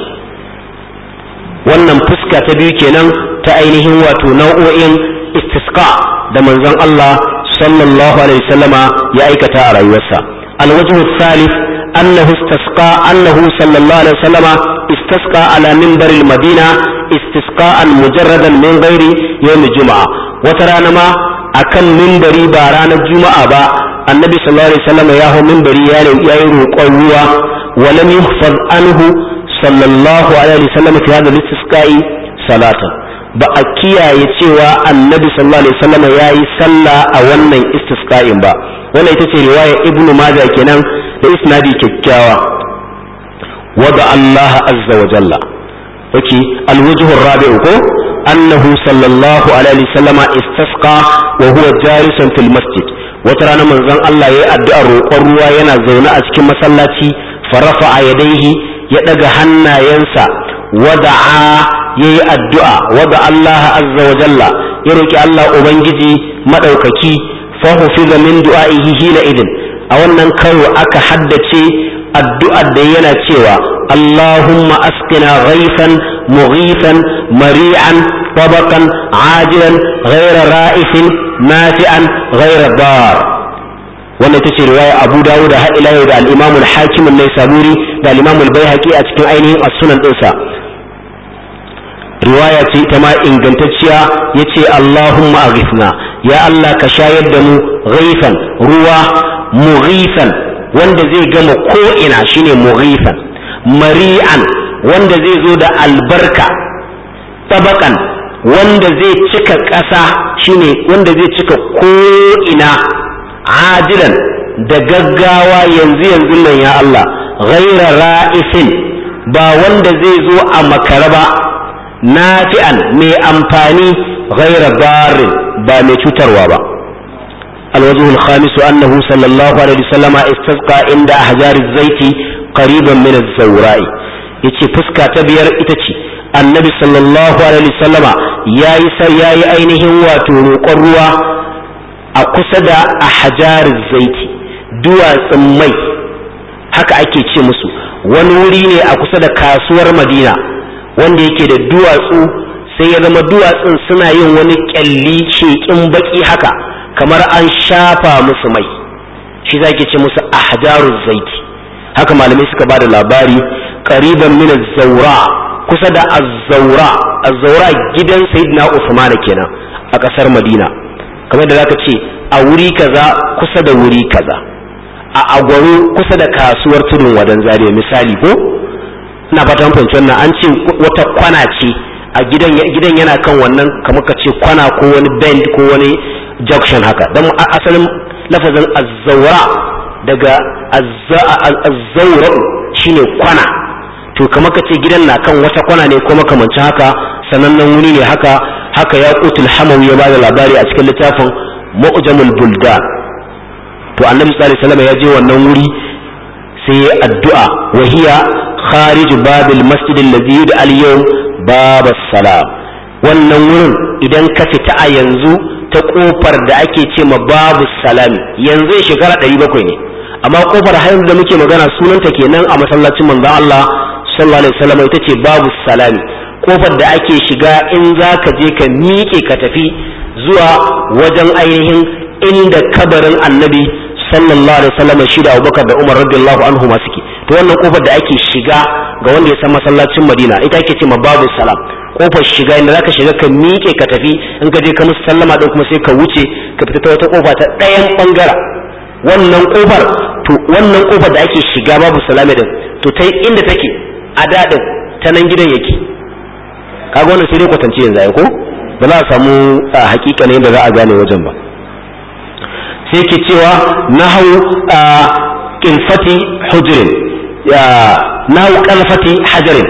Speaker 1: wannan fuska ta biyu kenan ta ainihin wato nau'o'in istisqa da manzon Allah sallallahu alaihi wasallama ya aikata a rayuwarsa الوجه الثالث أنه استسقى أنه صلى الله عليه وسلم استسقى على منبر المدينة استسقاء مجردا من غير يوم الجمعة وترانا ما أكن منبري باران الجمعة با النبي صلى الله عليه وسلم ياهو منبري ياهو قوة ولم يحفظ عنه صلى الله عليه وسلم في هذا الاستسقاء صلاة ba a kiyaye cewa annabi sallallahu alaihi wasallam ya yi sallah a wannan istisqa'in ba wannan ita ce riwaya Ibnu majah kenan da isnadi kyakkyawa wada Allah azza wa jalla okay alwajhu rabi'u ko annahu sallallahu alaihi wasallam istasqa wa huwa jalisun fil masjid wata rana manzon Allah ya yi addu'ar roƙon ruwa yana zaune a cikin masallaci farafa yadaihi ya daga hannayensa wada'a yayi addu'a wada Allah azza wa jalla ya roki Allah ubangiji madaukaki fa hufiza min du'aihi hina idin a wannan karo aka haddace addu'ar da yana cewa Allahumma asqina ghaifan mughifan mari'an طبقا عاجلا غير رائف nafi'an غير ضار wanda ita riwaya Abu Dawud da ila da al-Imam al-Hakim an-Naisaburi da al-Imam al-Baihaqi a cikin ainihin as-Sunan dinsa riwaya ce ta ma ingantacciya ya ce Allahumma aghithna ya Allah ka shayar da mu ghaifan ruwa mughifan wanda zai gama ko ina shine mughifan mari'an wanda zai zo da albarka tabakan wanda zai cika ƙasa shine wanda zai cika ko ina ajiran da gaggawa yanzu yanzu nan ya Allah ghaira raisin ba wanda zai zo a makara ba nafi'an mai amfani ghaira barin ba mai cutarwa ba الوجه الخامس أنه صلى الله عليه وسلم استسقى عند أحجار الزيت قريبا من الزوراء يتي فسكا تبير إتتي النبي صلى الله عليه وسلم يا يسا يا أينه واتونو قروا أقصد أحجار الزيت دوا سمي haka ake ce musu wani wuri ne a kusa da kasuwar madina wanda yake da duwatsu sai ya zama duwatsun suna yin wani kyalli cekin baki haka kamar an shafa musu mai shi za ce musu ahjarul zaiti haka malamai suka ba da labari qariban min zaura kusa da az-zaura az-zaura gidan sayyidina Usman kenan a kasar Madina kamar da zaka ce a wuri kaza kusa da wuri kaza a agwaro kusa da kasuwar tudun wadan zariya misali ko na fata mun fahimci wannan an ce wata kwana ce a gidan gidan yana kan wannan kamar ka ce kwana ko wani bend ko wani junction haka dan asalin lafazin az daga az shi shine kwana to kamar ka ce gidan na kan wata kwana ne ko makamancin haka sanannen wuri ne haka haka ya qutul hamawi ya bada labari a cikin littafin mu'jamul bulga. to annabi sallallahu alaihi wasallam ya je wannan wuri sai ya addu'a wahiya kharij babil Masjidin, alladhi yud'a al-yawm bab wannan wurin idan ka fita a yanzu ta kofar da ake ce ma babu salami yanzu shekara bakwai ne amma kofar har da muke magana sunanta kenan a masallacin manzo Allah sallallahu alaihi wasallam ita ce babu salami kofar da ake shiga in zaka je ka miƙe ka tafi zuwa wajen ainihin inda kabarin annabi sallallahu alaihi wasallam shi da Abubakar da Umar radiyallahu anhu ma suke to wannan kofar da ake shiga ga wanda ya san masallacin Madina ita ake ce babu salam kofar shiga inda zaka shiga ka miƙe ka tafi in ka je ka musu sallama ɗin, kuma sai ka wuce ka fita ta wata kofa ta ɗayan bangara wannan kofar to wannan kofar da ake shiga babu salam din to ta inda take a daɗin ta nan gidan yake kaga wannan sai dai kwatance yanzu ko ba za a samu hakika ne da za a gane wajen ba sai ke cewa hau a kinfati hujirin. ya nahu kalfati hajarin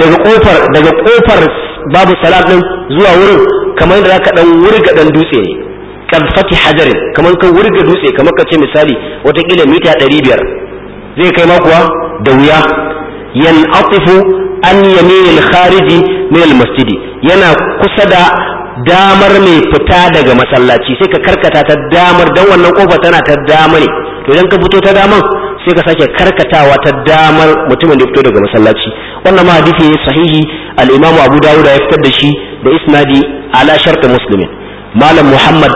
Speaker 1: daga kofar daga kofar babu salat din zuwa wurin kamar da zaka dan wurga dan dutse ne kalfati hajarin kamar ka wurga dutse kamar ka ce misali wata kila mita 500 zai kai ma kuwa da wuya yan atifu an yaminil khariji min al masjidi yana kusa da damar mai fita daga masallaci sai ka karkata ta damar dan wannan kofar tana ta dama ne to idan ka fito ta daman sai ka sake karkatawa ta damar mutumin da fito daga masallaci wannan ma hadisi ne sahihi al imam abu dawud ya fitar da shi da isnadi ala shart muslimin malam muhammad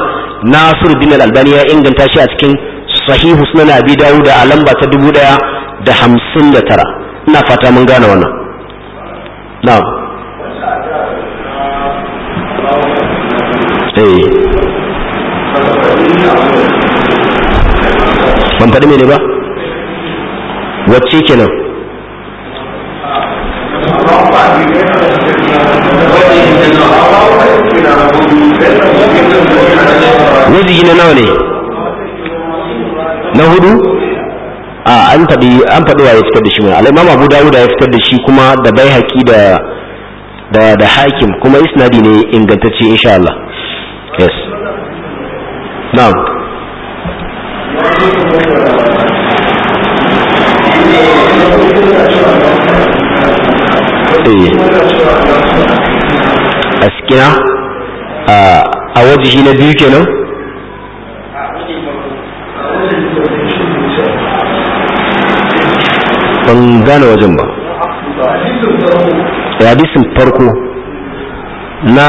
Speaker 1: nasir bin al-albani ya inganta shi a cikin sahihu sunan abi dawud a lamba ta dubu da hamsin ina fata mun gane wannan na'am eh. ban faɗi mene ba wacce kenan miji na nawa ne na hudu a an tabi an faɗi ya fitar da shi mai alaimam abu dawuda ya fitar da shi kuma da bai haƙi da da da hakim kuma isnadi ne ingantacce insha Allah yes na'am askina eh. a shi na biyu kenan ban gane wajen ba hadisin farko na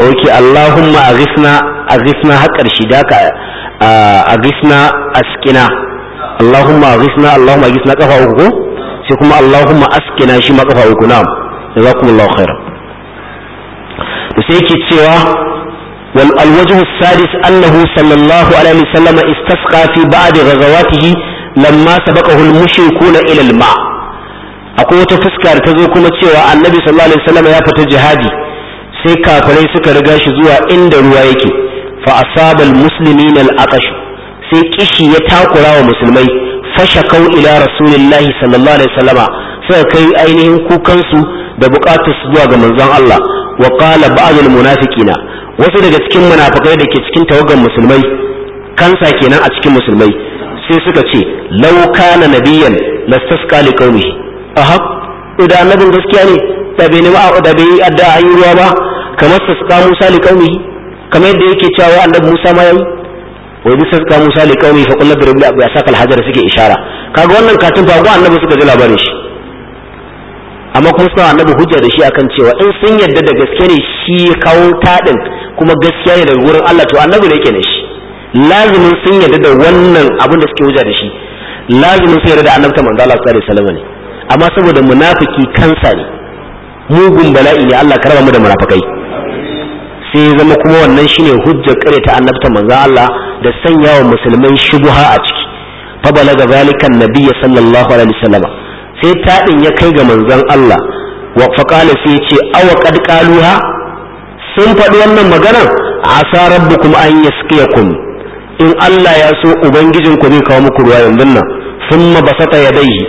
Speaker 1: oke allahumma a gisna a gisna haƙar shi da ka a gifna askina Allahumma ghithna Allahumma ghithna kafa uku ko sai kuma Allahumma askina shi ma kafa uku na'am jazakumullahu khairan to sai yake cewa wal alwajh as-sadis annahu sallallahu alaihi wasallam istasqa fi ba'd ghazawatihi lamma sabaqahu al-mushrikuna ila al-ma akwai wata fuska da ta zo kuma cewa annabi sallallahu alaihi wasallam ya fita jihadi sai kafirai suka riga shi zuwa inda ruwa yake fa asaba al-muslimin al-aqashu sai kishi ya takura wa musulmai fashakau ila rasulillahi sallallahu alaihi wasallama suka kai ainihin kukansu da bukatu su zuwa ga manzon Allah wa qala ba'dul munafiqina wasu daga cikin munafikai da ke cikin tawagan musulmai kansa kenan a cikin musulmai sai suka ce law kana nabiyan lastasqa li qaumihi aha idan annabin gaskiya ne da bai ne ba da bai adda ayyuwa ba kamar tasqa Musa li qaumihi kamar yadda yake cewa annabi Musa ma yayi wai bisa sadqa Musa li kauni fa kullu birabbi abu yasak al-hajar suke ishara kaga wannan katin ba, ga annabi suka ji labarin shi amma kuma suna annabi hujja da shi akan cewa in sun yadda da gaske ne shi kawo tadin kuma gaskiya ne daga wurin Allah to annabi ne yake ne shi lazimin sun yadda da wannan abin da suke hujja da shi lazimin sun yadda da annabta manzo Allah sallallahu alaihi wasallam ne amma saboda munafiki kansa ne mugun bala'i ne Allah karama mu da munafikai sai ya zama kuma wannan shine hujjar ta annabta manzo Allah da sanya wa musulmai shubuha a ciki fa balaga zalika annabi sallallahu alaihi wasallam sai taɗin ya kai ga manzon Allah wa fa qala sai ce aw qad qaluha sun faɗi wannan maganar asa rabbukum an yaskiyakum in Allah ya so ubangijinku zai kawo muku ruwa yanzu nan thumma basata yadayhi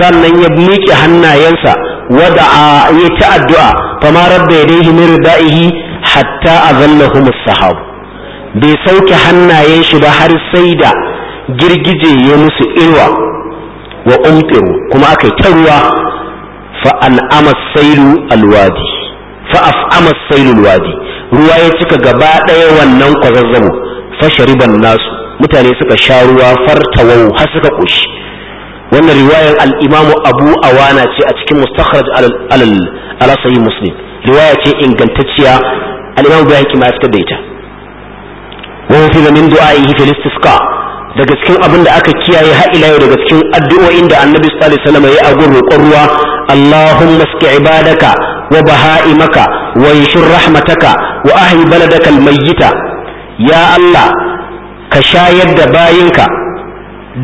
Speaker 1: sannan ya miƙe hannayensa wada a yi ta addu'a fama rabba ya min rida'ihi hatta azallahu as bai sauke hannayen shi ba har sai da girgije ya musu irwa wa umtiru kuma aka yi ta ruwa sailu alwadi ruwa ya cika gaba ɗaya wannan kwazazzabo fashe shariban nasu mutane suka sha ruwa fartawau har suka koshi wannan riwayar al'imamu abu awana ce a cikin mustakhraj al-al-al muslim riwaya ce ingantacciya al-imam bayhaqi ma ya fitar da ita wa hufiza min du'a'ihi fil istisqa daga cikin abin da aka kiyaye har ila yau daga cikin addu'o'in da annabi sallallahu alaihi wasallam ya yi a gurin roƙon ruwa Allahumma iski ibadaka wa baha'imaka wa yashur rahmataka wa ahyi baladaka al-mayyita ya Allah ka shayar da bayinka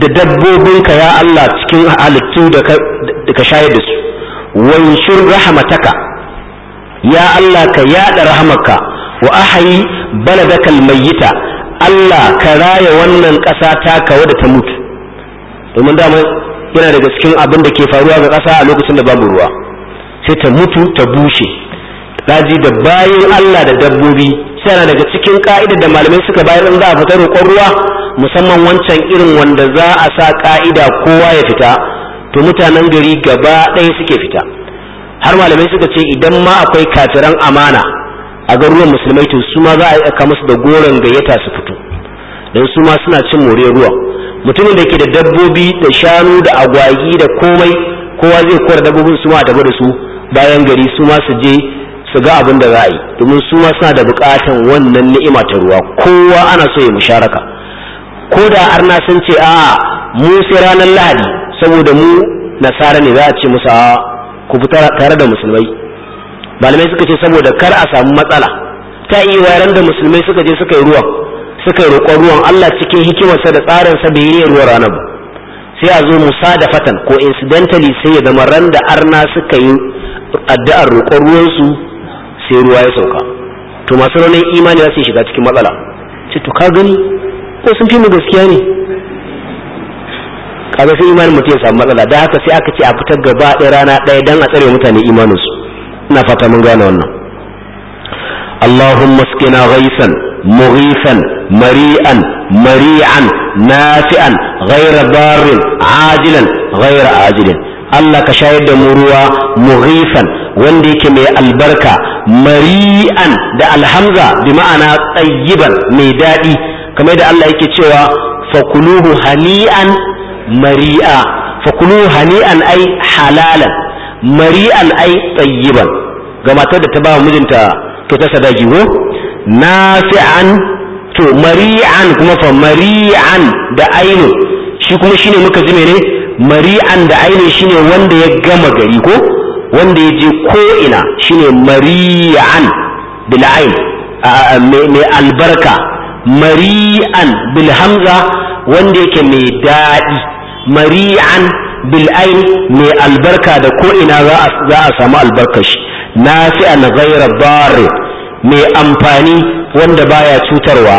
Speaker 1: da dabbobinka ya Allah cikin halittu da ka shayar da su wa yashur rahmataka ya Allah ka yaɗa rahamaka, wa ahayi baladaka almayyita Allah ka raya wannan ƙasa ta kawo da ta mutu domin dama yana daga cikin abin da ke faruwa ga ƙasa a lokacin da babu ruwa sai ta mutu ta bushe daji da bayan Allah da dabbobi sai yana daga cikin ka'ida da malamai suka bayar in za a fita roƙon ruwa musamman wancan irin wanda za a sa ƙa'ida kowa ya fita to mutanen gari gaba ɗaya suke fita har malamai suka ce idan ma akwai kafiran amana a garuruwan musulmai to su ma za a aika musu da goron gayyata su fito don su ma suna cin more ruwa mutumin da ke da dabbobi da shanu da agwagi da komai kowa zai kora dabbobin su ma a tafi da su bayan gari su ma su je su ga abin da za a yi domin su ma suna da bukatan wannan ni'ima ta ruwa kowa ana so ya musharaka ko da na san ce a mu sai ranar lahadi saboda mu nasara ne za a ce musa ku fita tare da musulmai malamai suka ce saboda kar a samu matsala ta iya wayaran da musulmai suka je suka yi ruwan suka yi roƙon ruwan Allah cikin hikimarsa da tsarinsa bai yi ruwan rana ba sai a zo musa da fatan ko incidentally sai ya zama ran da arna suka yi addu'ar roƙon ruwansu sai ruwa ya sauka to masu raunin imani za su shiga cikin matsala ce to ka gani ko sun fi mu gaskiya ne kaga sai imanin mutum ya samu matsala da haka sai aka ce a fitar gaba ɗaya rana ɗaya dan a tsare mutane imaninsu ina fata mun gane wannan اللهم mari'an غيثا مغيثا مريئا مريعا نافعا غير ضار عاجلا غير عاجل Allah ka shayar da mu ruwa mughifan wanda yake mai albarka mari'an da alhamza bi ma'ana tsayyiban mai daɗi kamar da Allah yake cewa fakuluhu hani'an mari'a fakulu hani'an ai halalan mari'an ai tayyiban ga matar da ta ba mijinta to ta sadaki ko nafi'an to mari'an kuma fa mari'an da ainu shi kuma shine muka ji ne mari'an da ainu shine wanda ya gama gari ko wanda ya je ko ina shine mari'an bil ain mai albarka mari'an bil hamza wanda yake mai daɗi mari'an bil ain mai albarka da ko ina za a samu albarka shi nafi'an ghayra darr mai amfani wanda baya cutarwa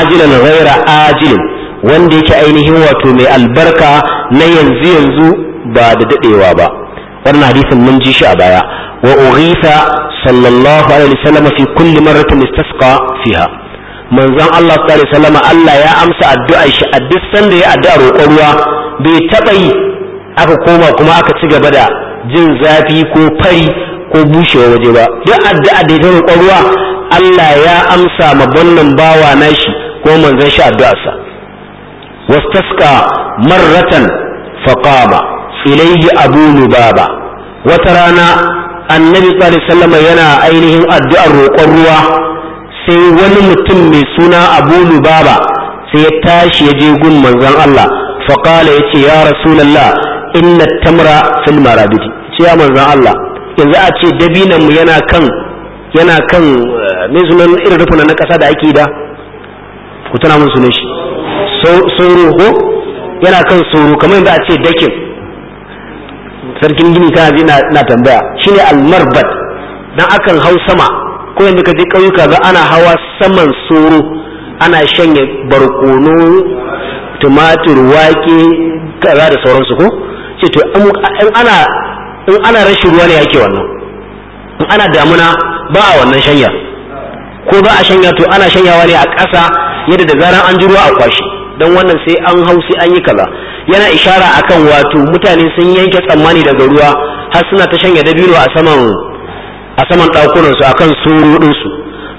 Speaker 1: ajilan ghayra ajilin wanda yake ainihin wato mai albarka na yanzu yanzu ba da dadewa ba wannan hadisin mun ji shi a baya wa ughitha sallallahu alaihi wasallam fi kulli marratin istasqa fiha manzon Allah sallallahu alaihi wasallam Allah ya amsa addu'ar shi a duk sanda ya addu'a roƙon ruwa bai taɓa yi aka koma kuma aka ci gaba da jin zafi ko fari ko bushewa waje ba duk addu'a da ta roƙon ruwa Allah ya amsa ma wannan bawa nashi ko manzon shi addu'arsa wastaska marratan faqama ilayhi abu lubaba wata rana annabi sallallahu alaihi yana ainihin addu'ar roƙon ruwa sai wani mutum mai suna abu lubaba sai ya tashi ya je gun manzon Allah faƙala ya ce ya rasulallah inna tamra fil marabidi ce ya manzan Allah yanzu a ce dabinanmu yana kan yana kan mai sunan irin rufunan na ƙasa da ake da ku tana mun sunan shi sauro ko yana kan sauro kamar yanzu a ce dakin sarkin gini ta zai na tambaya shine almarbat dan akan hau sama ko yanzu ka je ƙauyuka ga ana hawa saman sauro ana shanye barkono tumatur wake kaza da sauransu ko ce to in ana in ana rashin ruwa ne yake wannan in ana damuna ba a wannan shanya ko ba a shanya to ana shanyawa ne a ƙasa yadda da zaran an ji ruwa a kwashi don wannan sai an hau sai an yi kaza yana ishara akan wato mutane sun yanke tsammani daga ruwa har suna ta shanya dabino a saman a saman ɗakunansu akan soro ɗinsu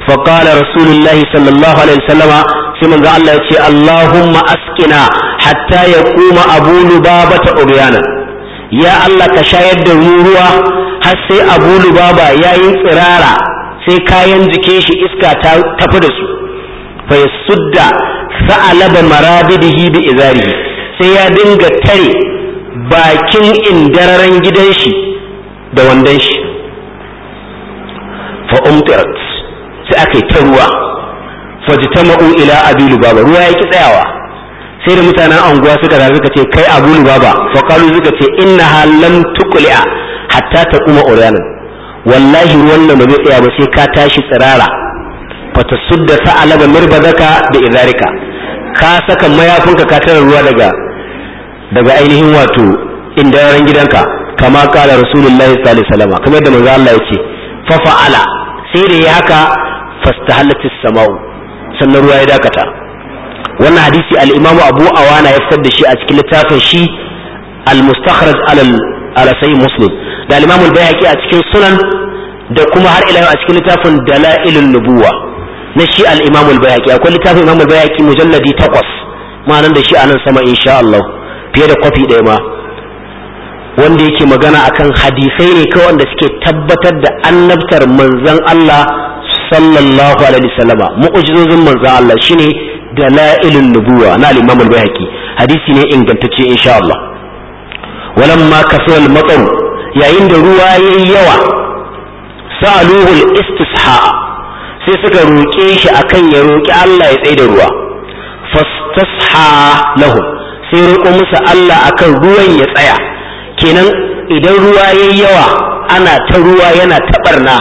Speaker 1: fa qala rasulullahi sallallahu alaihi wasallama sai manzo Allah ya ce Allahumma askina hatta yaquma abu lubaba ta ya Allah ka shayar da mu ruwa har sai abu lubaba yi tsirara sai kayan jikin shi iska ta tafi da su fa yasudda sa'alaba marabidihi bi izarihi sai ya dinga tare bakin indararen gidan shi da wandan shi sai aka yi ta ruwa fajtama'u ila abi lubaba ruwa ya ki tsayawa sai da mutanen anguwa suka zaga suka ce kai abu lubaba fa qalu suka ce innaha lam tuqli'a hatta ta taquma uryanan wallahi ruwan nan ba zai tsaya ba sai ka tashi tsirara fata sudda sa'alaba mirbazaka da izarika ka saka mayafinka ka tara ruwa daga daga ainihin wato yaran gidanka kama kala rasulullahi sallallahu alaihi wasallam kamar da manzo Allah yake fa fa'ala sai da haka fastahalatis sama'u sannan ruwa ya dakata wannan hadisi al-imamu abu awana ya fitar da shi a cikin littafin shi al-mustakhraj ala sahih muslim da al-imamu al-bayhaqi a cikin sunan da kuma har ila a cikin littafin dalailun nubuwa na shi al-imamu al-bayhaqi akwai littafin imamu al-bayhaqi mujalladi 8 nan da shi a nan sama insha Allah fiye da kwafi ɗaya ma wanda yake magana akan hadisai ne kawai wanda suke tabbatar da annabtar manzon Allah sallallahu alaihi wasallama mu'jizozin manzo Allah shine dalailun nubuwa na al-Imam al hadisi ne ingantacce insha Allah walamma kasal al-matar yayin da ruwa yayi yawa sa'aluhul istisha sai suka roke shi akan ya roki Allah ya tsaye da ruwa fastasha lahu sai roko musu Allah akan ruwan ya tsaya kenan idan ruwa yayi yawa ana ta ruwa yana taɓarna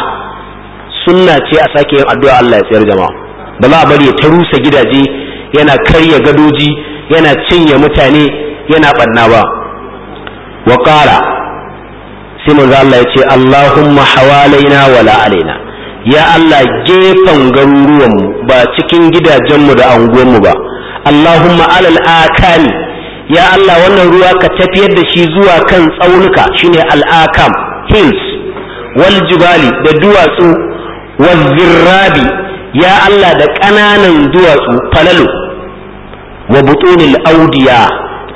Speaker 1: sunna ce a sake yin addu'a Allah ya tsayar jama'a ba za a bari ya rusa gidaje yana karya gadoji yana cinye mutane yana barna ba wa qala sai manzo Allah ya ce Allahumma hawalaina wala alaina ya Allah gefen garuruwan mu ba cikin gidajenmu da anguwanmu ba Allahumma alal akani ya Allah wannan ruwa ka tafiyar da shi zuwa kan tsaunuka shine al-akam hills wal jibali da duwatsu wazzirrabi ya Allah da ƙananan duwatsu Falalu wa butunil audiya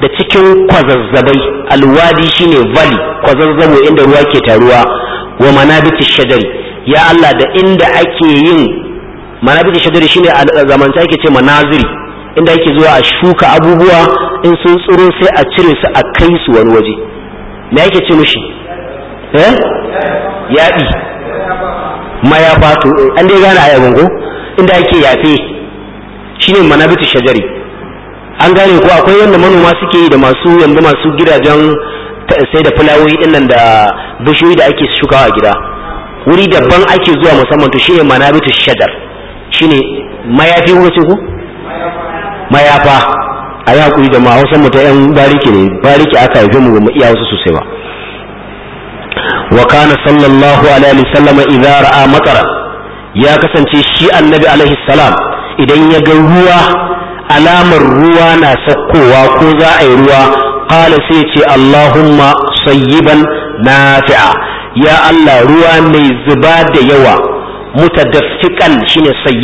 Speaker 1: da cikin kwazazzabai alwadi shine valley kwazazzabo inda ruwa ke taruwa wa manabiti shajari ya Allah da inda ake yin manabiti shajari shine zamanta ake ce manaziri inda ake zuwa a shuka abubuwa in sun tsiro sai a cire su a kai su wani waje me yake ce mushi eh yaɗi mayafa to an dai gane ayaban ko inda ake yafe shine manabitu shajari an gane ko akwai wanda manoma suke yi da masu yanzu masu gidajen sai da fulawoyi din nan da bishiyoyi da ake shukawa gida wuri daban ake zuwa musamman to shine manabitu shajar shine mayafi ko ce ko mayafa a yi hakuri da ma hausa mu ta yan bariki ne bariki aka haife mu ba mu iya wasu sosai ba Waƙana sallallahu alaihi wa salamai in rara'a ya kasance shi annabi Alayhis Salaam idan ya ga ruwa alamar ruwa na sakkowa ko za a yi ruwa kala sai ce Allahuma sai nafi'a ya Allah ruwa mai zuba da yawa mutu dafkikan shine sai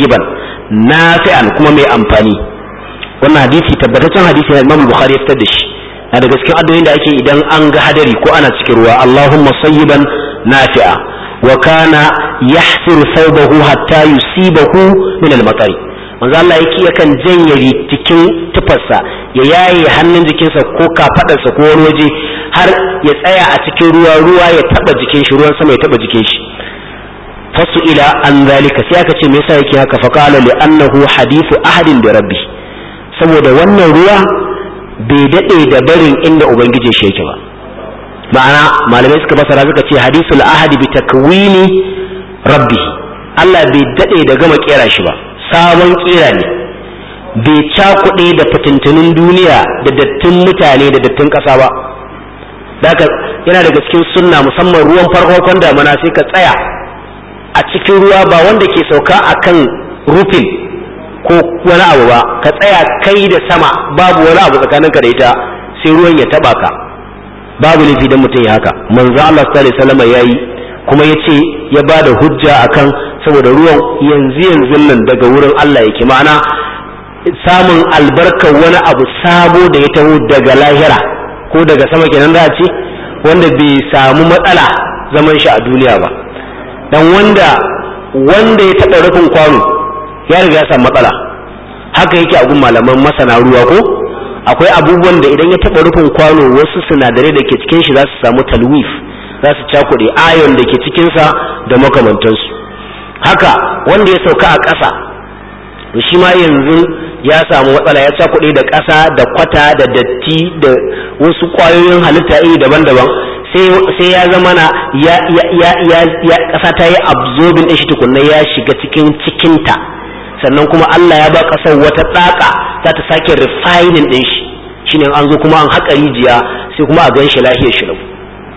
Speaker 1: nafi'an kuma mai amfani. Wannan hadisi ya tabbatar hadisi yana imamu bukari ya fita da shi. na daga cikin addu'o'in da ake idan an ga hadari ko ana cikin ruwa Allahumma sayyiban nafi'a wa kana yahsir thawbahu hatta yusibahu min al-matar manzo Allah yake yakan janye cikin tufarsa ya yaye hannun jikinsa ko kafadarsa ko wani waje har ya tsaya a cikin ruwa ruwa ya taba jikin shi ruwan sama ya taba jikin shi fasu ila an zalika sai aka ce me yasa yake haka fa qala li annahu hadithu ahadin bi rabbi saboda wannan ruwa bai daɗe da barin inda ubangiji shi yake ba ma'ana malamai suka fasara suka ce hadisul ahadi bi takwini rabbi Allah bai daɗe da gama kera shi ba sabon kera ne bai cakuɗe da fitintunin duniya da dattin mutane da dattin ƙasa ba daga yana daga cikin sunna musamman ruwan farkon damana sai ka tsaya a cikin ruwa ba wanda ke sauka akan rufin ko wani abu ba ka tsaya kai da sama babu wani abu tsakanin ka da ita sai ruwan ya taba ka babu laifi dan mutum ya haka manzo Allah sallallahu alaihi wasallam yayi kuma yace ya bada hujja akan saboda ruwan yanzu yanzu nan daga wurin Allah yake ma'ana samun albarkar wani abu sabo da ya taho daga lahira ko daga sama kenan za a ce wanda bai samu matsala zaman shi a duniya ba dan wanda wanda ya taɓa rufin kwano ya riga ya samu matsala haka yake a gun malaman masana ruwa ko akwai abubuwan da idan ya taɓa rufin kwano wasu sinadarai da ke cikin shi za su samu talwif za su cakuɗe ayon da ke cikinsa da makamantansu haka wanda ya sauka a ƙasa to shi ma yanzu ya samu matsala ya cakuɗe da ƙasa da kwata da datti da wasu ƙwayoyin halitta iri daban-daban sai ya zama na ya ƙasa ta yi absorbing ɗin shi tukunna ya shiga cikin cikinta sannan kuma Allah ya ba ƙasar wata tsaka za ta sake refining ɗin shi shine an zo kuma an haƙa rijiya sai kuma a gan shi lahiyar shi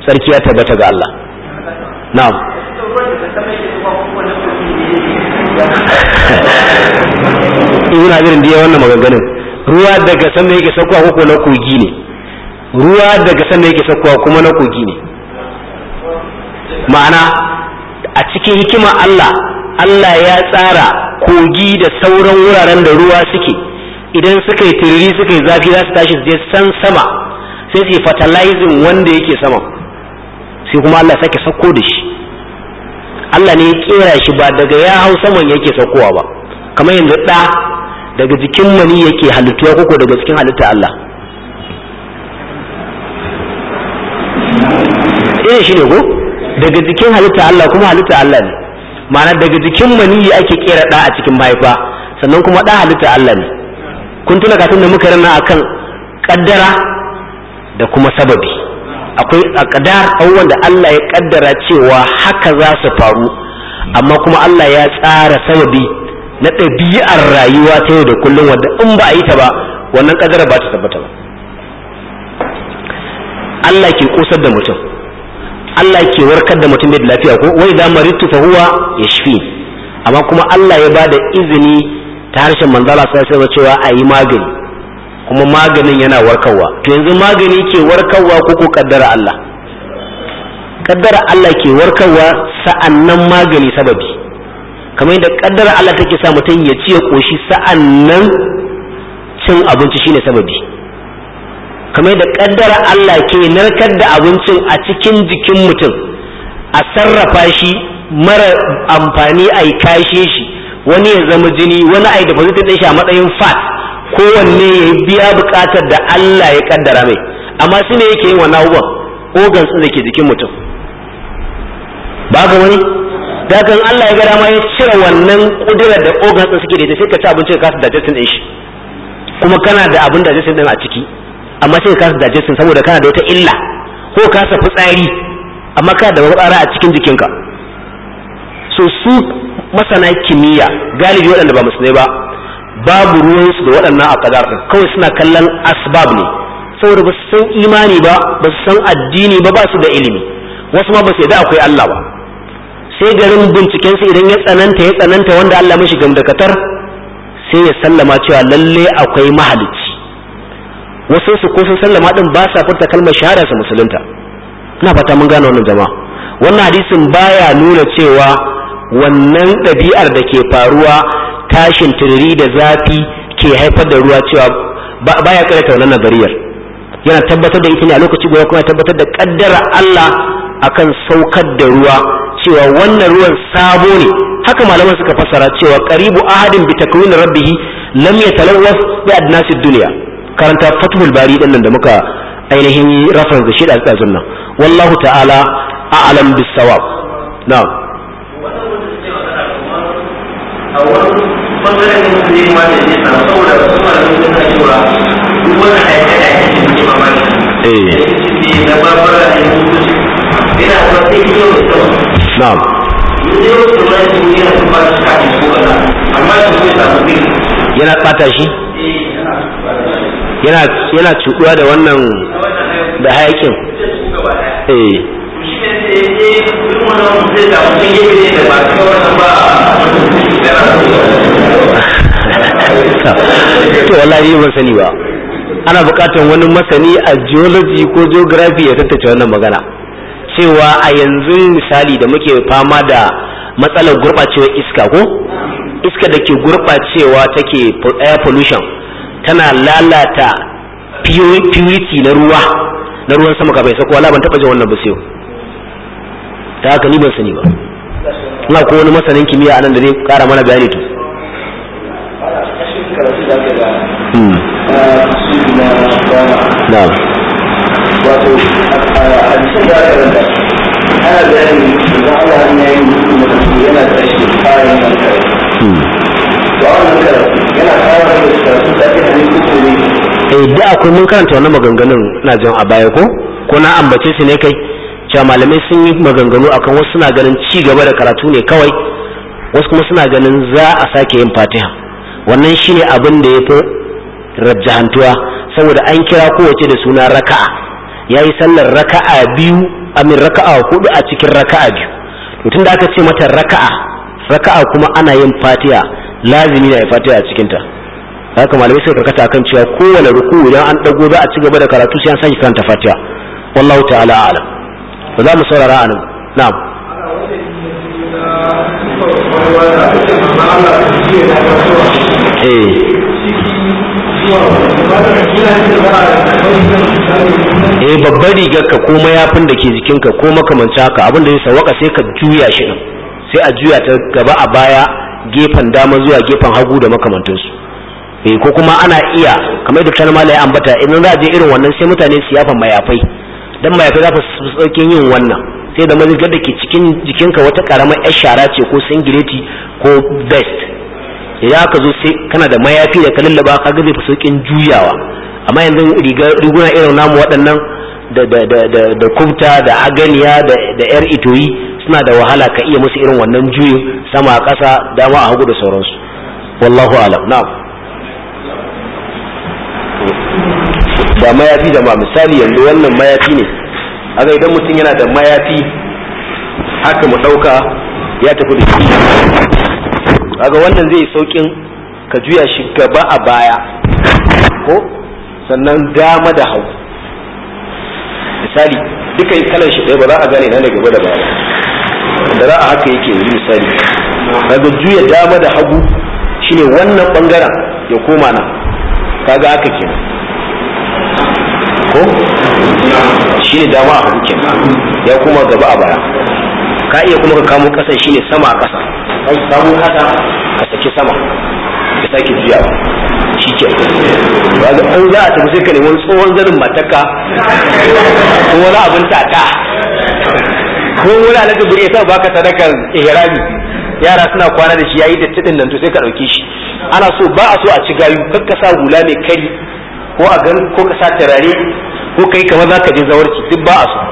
Speaker 1: sarki ya tabbata ga Allah na'am ibn hajar da ya wannan maganganun ruwa daga sama yake saukowa ko na kogi ne ruwa daga sama yake saukowa kuma na kogi ne ma'ana a cikin hikimar Allah Allah ya tsara kogi da sauran wuraren da ruwa suke idan suka yi tururi suka yi zafi za su tashi su je san sama sai su yi fertilizing wanda yake sama sai kuma Allah sake sauko da shi Allah ne ya kera shi ba daga ya hau saman yake saukowa ba kamar yanzu ɗa daga jikin mani yake halittuwa koko daga cikin halitta Allah irin eh, shi ne ko daga jikin halitta Allah kuma halitta Allah ne ma'ana daga jikin maniyi ake kera ɗa a cikin mahaifa sannan kuma ɗa halitta Allah ne kun tuna katun da muka rana akan kaddara da kuma sababi akwai aqdar abubuwan da Allah ya kaddara cewa haka za su faru amma kuma Allah ya tsara sababi na ɗabi'ar rayuwa ta yau da kullum wanda in ba a yi ta ba wannan kaddara ba ta tabbata ba Allah ke kusar da mutum Allah ke warkar da mutum da lafiya ko wai da maritu fa huwa yashfi amma kuma Allah ya bada izini ta harshen manzala sai sai cewa a yi magani kuma maganin yana warkarwa to yanzu magani ke warkarwa ko ko kaddara Allah kaddara Allah ke warkarwa sa'annan magani sababi kamar yadda kaddara Allah take sa mutum ya ci ya koshi sa'annan cin abinci shine sababi kamar da kaddara Allah ke narkar da abincin a cikin jikin mutum a sarrafa shi mara amfani a yi kashe shi wani ya zama jini wani a yi deposit ɗin shi a matsayin fat kowanne ya biya buƙatar da Allah ya kaddara mai amma su ne yake yin wani abubuwan organs da ke jikin mutum ba ga wani da Allah ya ga ma ya cire wannan kudurar da organs suke da ita sai ka ci abinci ka kasa digestion ɗin shi kuma kana da abin digestion ɗin a ciki amma sai ka kasa sun, saboda kana da wata illa ko ka kasa fitsari amma kana da matsara a cikin jikinka so su masana kimiyya galibi waɗanda ba musulmai ba babu ruwansu da waɗannan a ɗin kawai suna kallon asbab ne saboda ba su san imani ba ba su san addini ba ba su da ilimi wasu ma ba su yadda akwai Allah ba sai garin binciken su idan ya tsananta ya tsananta wanda Allah mashi gamdakatar sai ya sallama cewa lalle akwai mahalic wasu su ko sun sallama din ba sa furta kalmar shahada su musulunta ina fata mun gane wannan jama'a wannan hadisin baya nuna cewa wannan ɗabi'ar da ke faruwa tashin tururi da zafi ke haifar da ruwa cewa baya karanta wannan nazariyar yana tabbatar da ita ne a lokaci guda kuma tabbatar da kaddara Allah akan saukar da ruwa cewa wannan ruwan sabo ne haka malaman suka fassara cewa qaribu ahadin bi takwimin rabbih lam yatalawwaf bi adnasid dunya karanta fathul bari din nan da muka ainihin da shi da tsazun nan wallahu ta'ala a'lam bis sawab na'am Na'am. yana ɓata shi yana yana cuɗuwa da wannan da hayakin eh to wallahi ban sani ba ana bukatar wani masani a geology ko geography ya tattace wannan magana cewa a yanzu misali da muke fama da matsalar gurɓacewar iska ko iska da ke gurɓacewa take air pollution tana lalata purity na ruwa na ruwan sama kafin sako wala ban taba jin wannan ba sai ta haka ni ban sani ba ina ko wani masanin kimiyya anan da zai kara mana bayani to hmm. na'am eh da akwai mun karanta wannan maganganun na jin a baya ko ko na ambace su ne kai cewa malamai sun yi maganganu akan wasu suna ganin ci gaba da karatu ne kawai wasu kuma suna ganin za a sake yin fatiha wannan shine abin da ya fi rajjahantuwa saboda an kira kowace da suna raka'a ya yi sallar raka'a biyu amin raka'a hudu a cikin raka'a biyu to tunda aka ce mata raka'a raka'a kuma ana yin fatiha lazimi na ya fata a cikin ta haka malamai suka karkata akan cewa kowane ruku idan an dago za a ci gaba da karatu sai an sake karanta fatiha wallahu ta'ala alam ba za mu saurara anan na'am eh, eh babbar rigar ka ko mayafin da ke jikinka ko makamanta ka, abin da ya sauwaka sai ka juya shi sai a juya ta gaba a baya gefen dama zuwa gefen hagu da makamantansu eh ko kuma ana iya kamar da kan malai ambata idan za a je irin wannan sai mutane su yafa mayafai dan mayafai za su sauke yin wannan sai da mazigar da ke cikin jikinka wata karamar yar shara ce ko singileti ko vest idan aka zo sai kana da mayafi da ka lallaba ka ga fasokin saukin juyawa amma yanzu riguna irin namu waɗannan da da da da kubta da aganiya da da yar itoyi suna da wahala ka iya musu irin wannan juyin sama a ƙasa dama a hagu da sauransu wallahu alam na'am da mayafi da ma misali yanzu wannan mayafi ne aga idan mutum yana da mayafi haka mu ɗauka ya tafi da shi aga wannan zai saukin ka juya shi gaba a baya ko sannan dama da hagu misali duka kalan shi ɗaya ba za a gane na ne gaba da baya da a haka yake yanzu misali daga juya dama da hagu shine wannan bangaren ya koma nan kaga haka kenan ko shine dama a hagu kenan ya koma gaba a baya ka iya kuma ka kamo kasan shine sama a kasa kai samu kasa ka saki sama ka saki juya shi ke ba an za a tafi sai ka nemi tsohon zarin mataka ko wani abin tata ko wani alaji guri ya taba baka sadakar ihrami yara suna kwana da shi yayi da tidin nan to sai ka dauke shi ana so ba a so a ci gayu kakka sa hula mai kari ko a gan ko ka sa tarare ko kai za ka je zawarci duk ba a so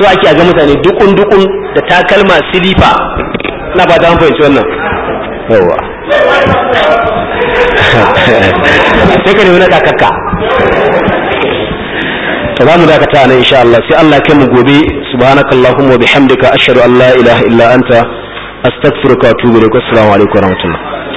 Speaker 1: so ake a ga mutane dukun dukun da takalma silifa ina ba da fahimci wannan yawa sai ka nemi na kakakka to za mu dakata nan insha Allah sai Allah kai mu gobe subhanakallahumma wa bihamdika ashhadu an la ilaha illa anta astaghfiruka wa atubu ilaik assalamu alaikum wa rahmatullah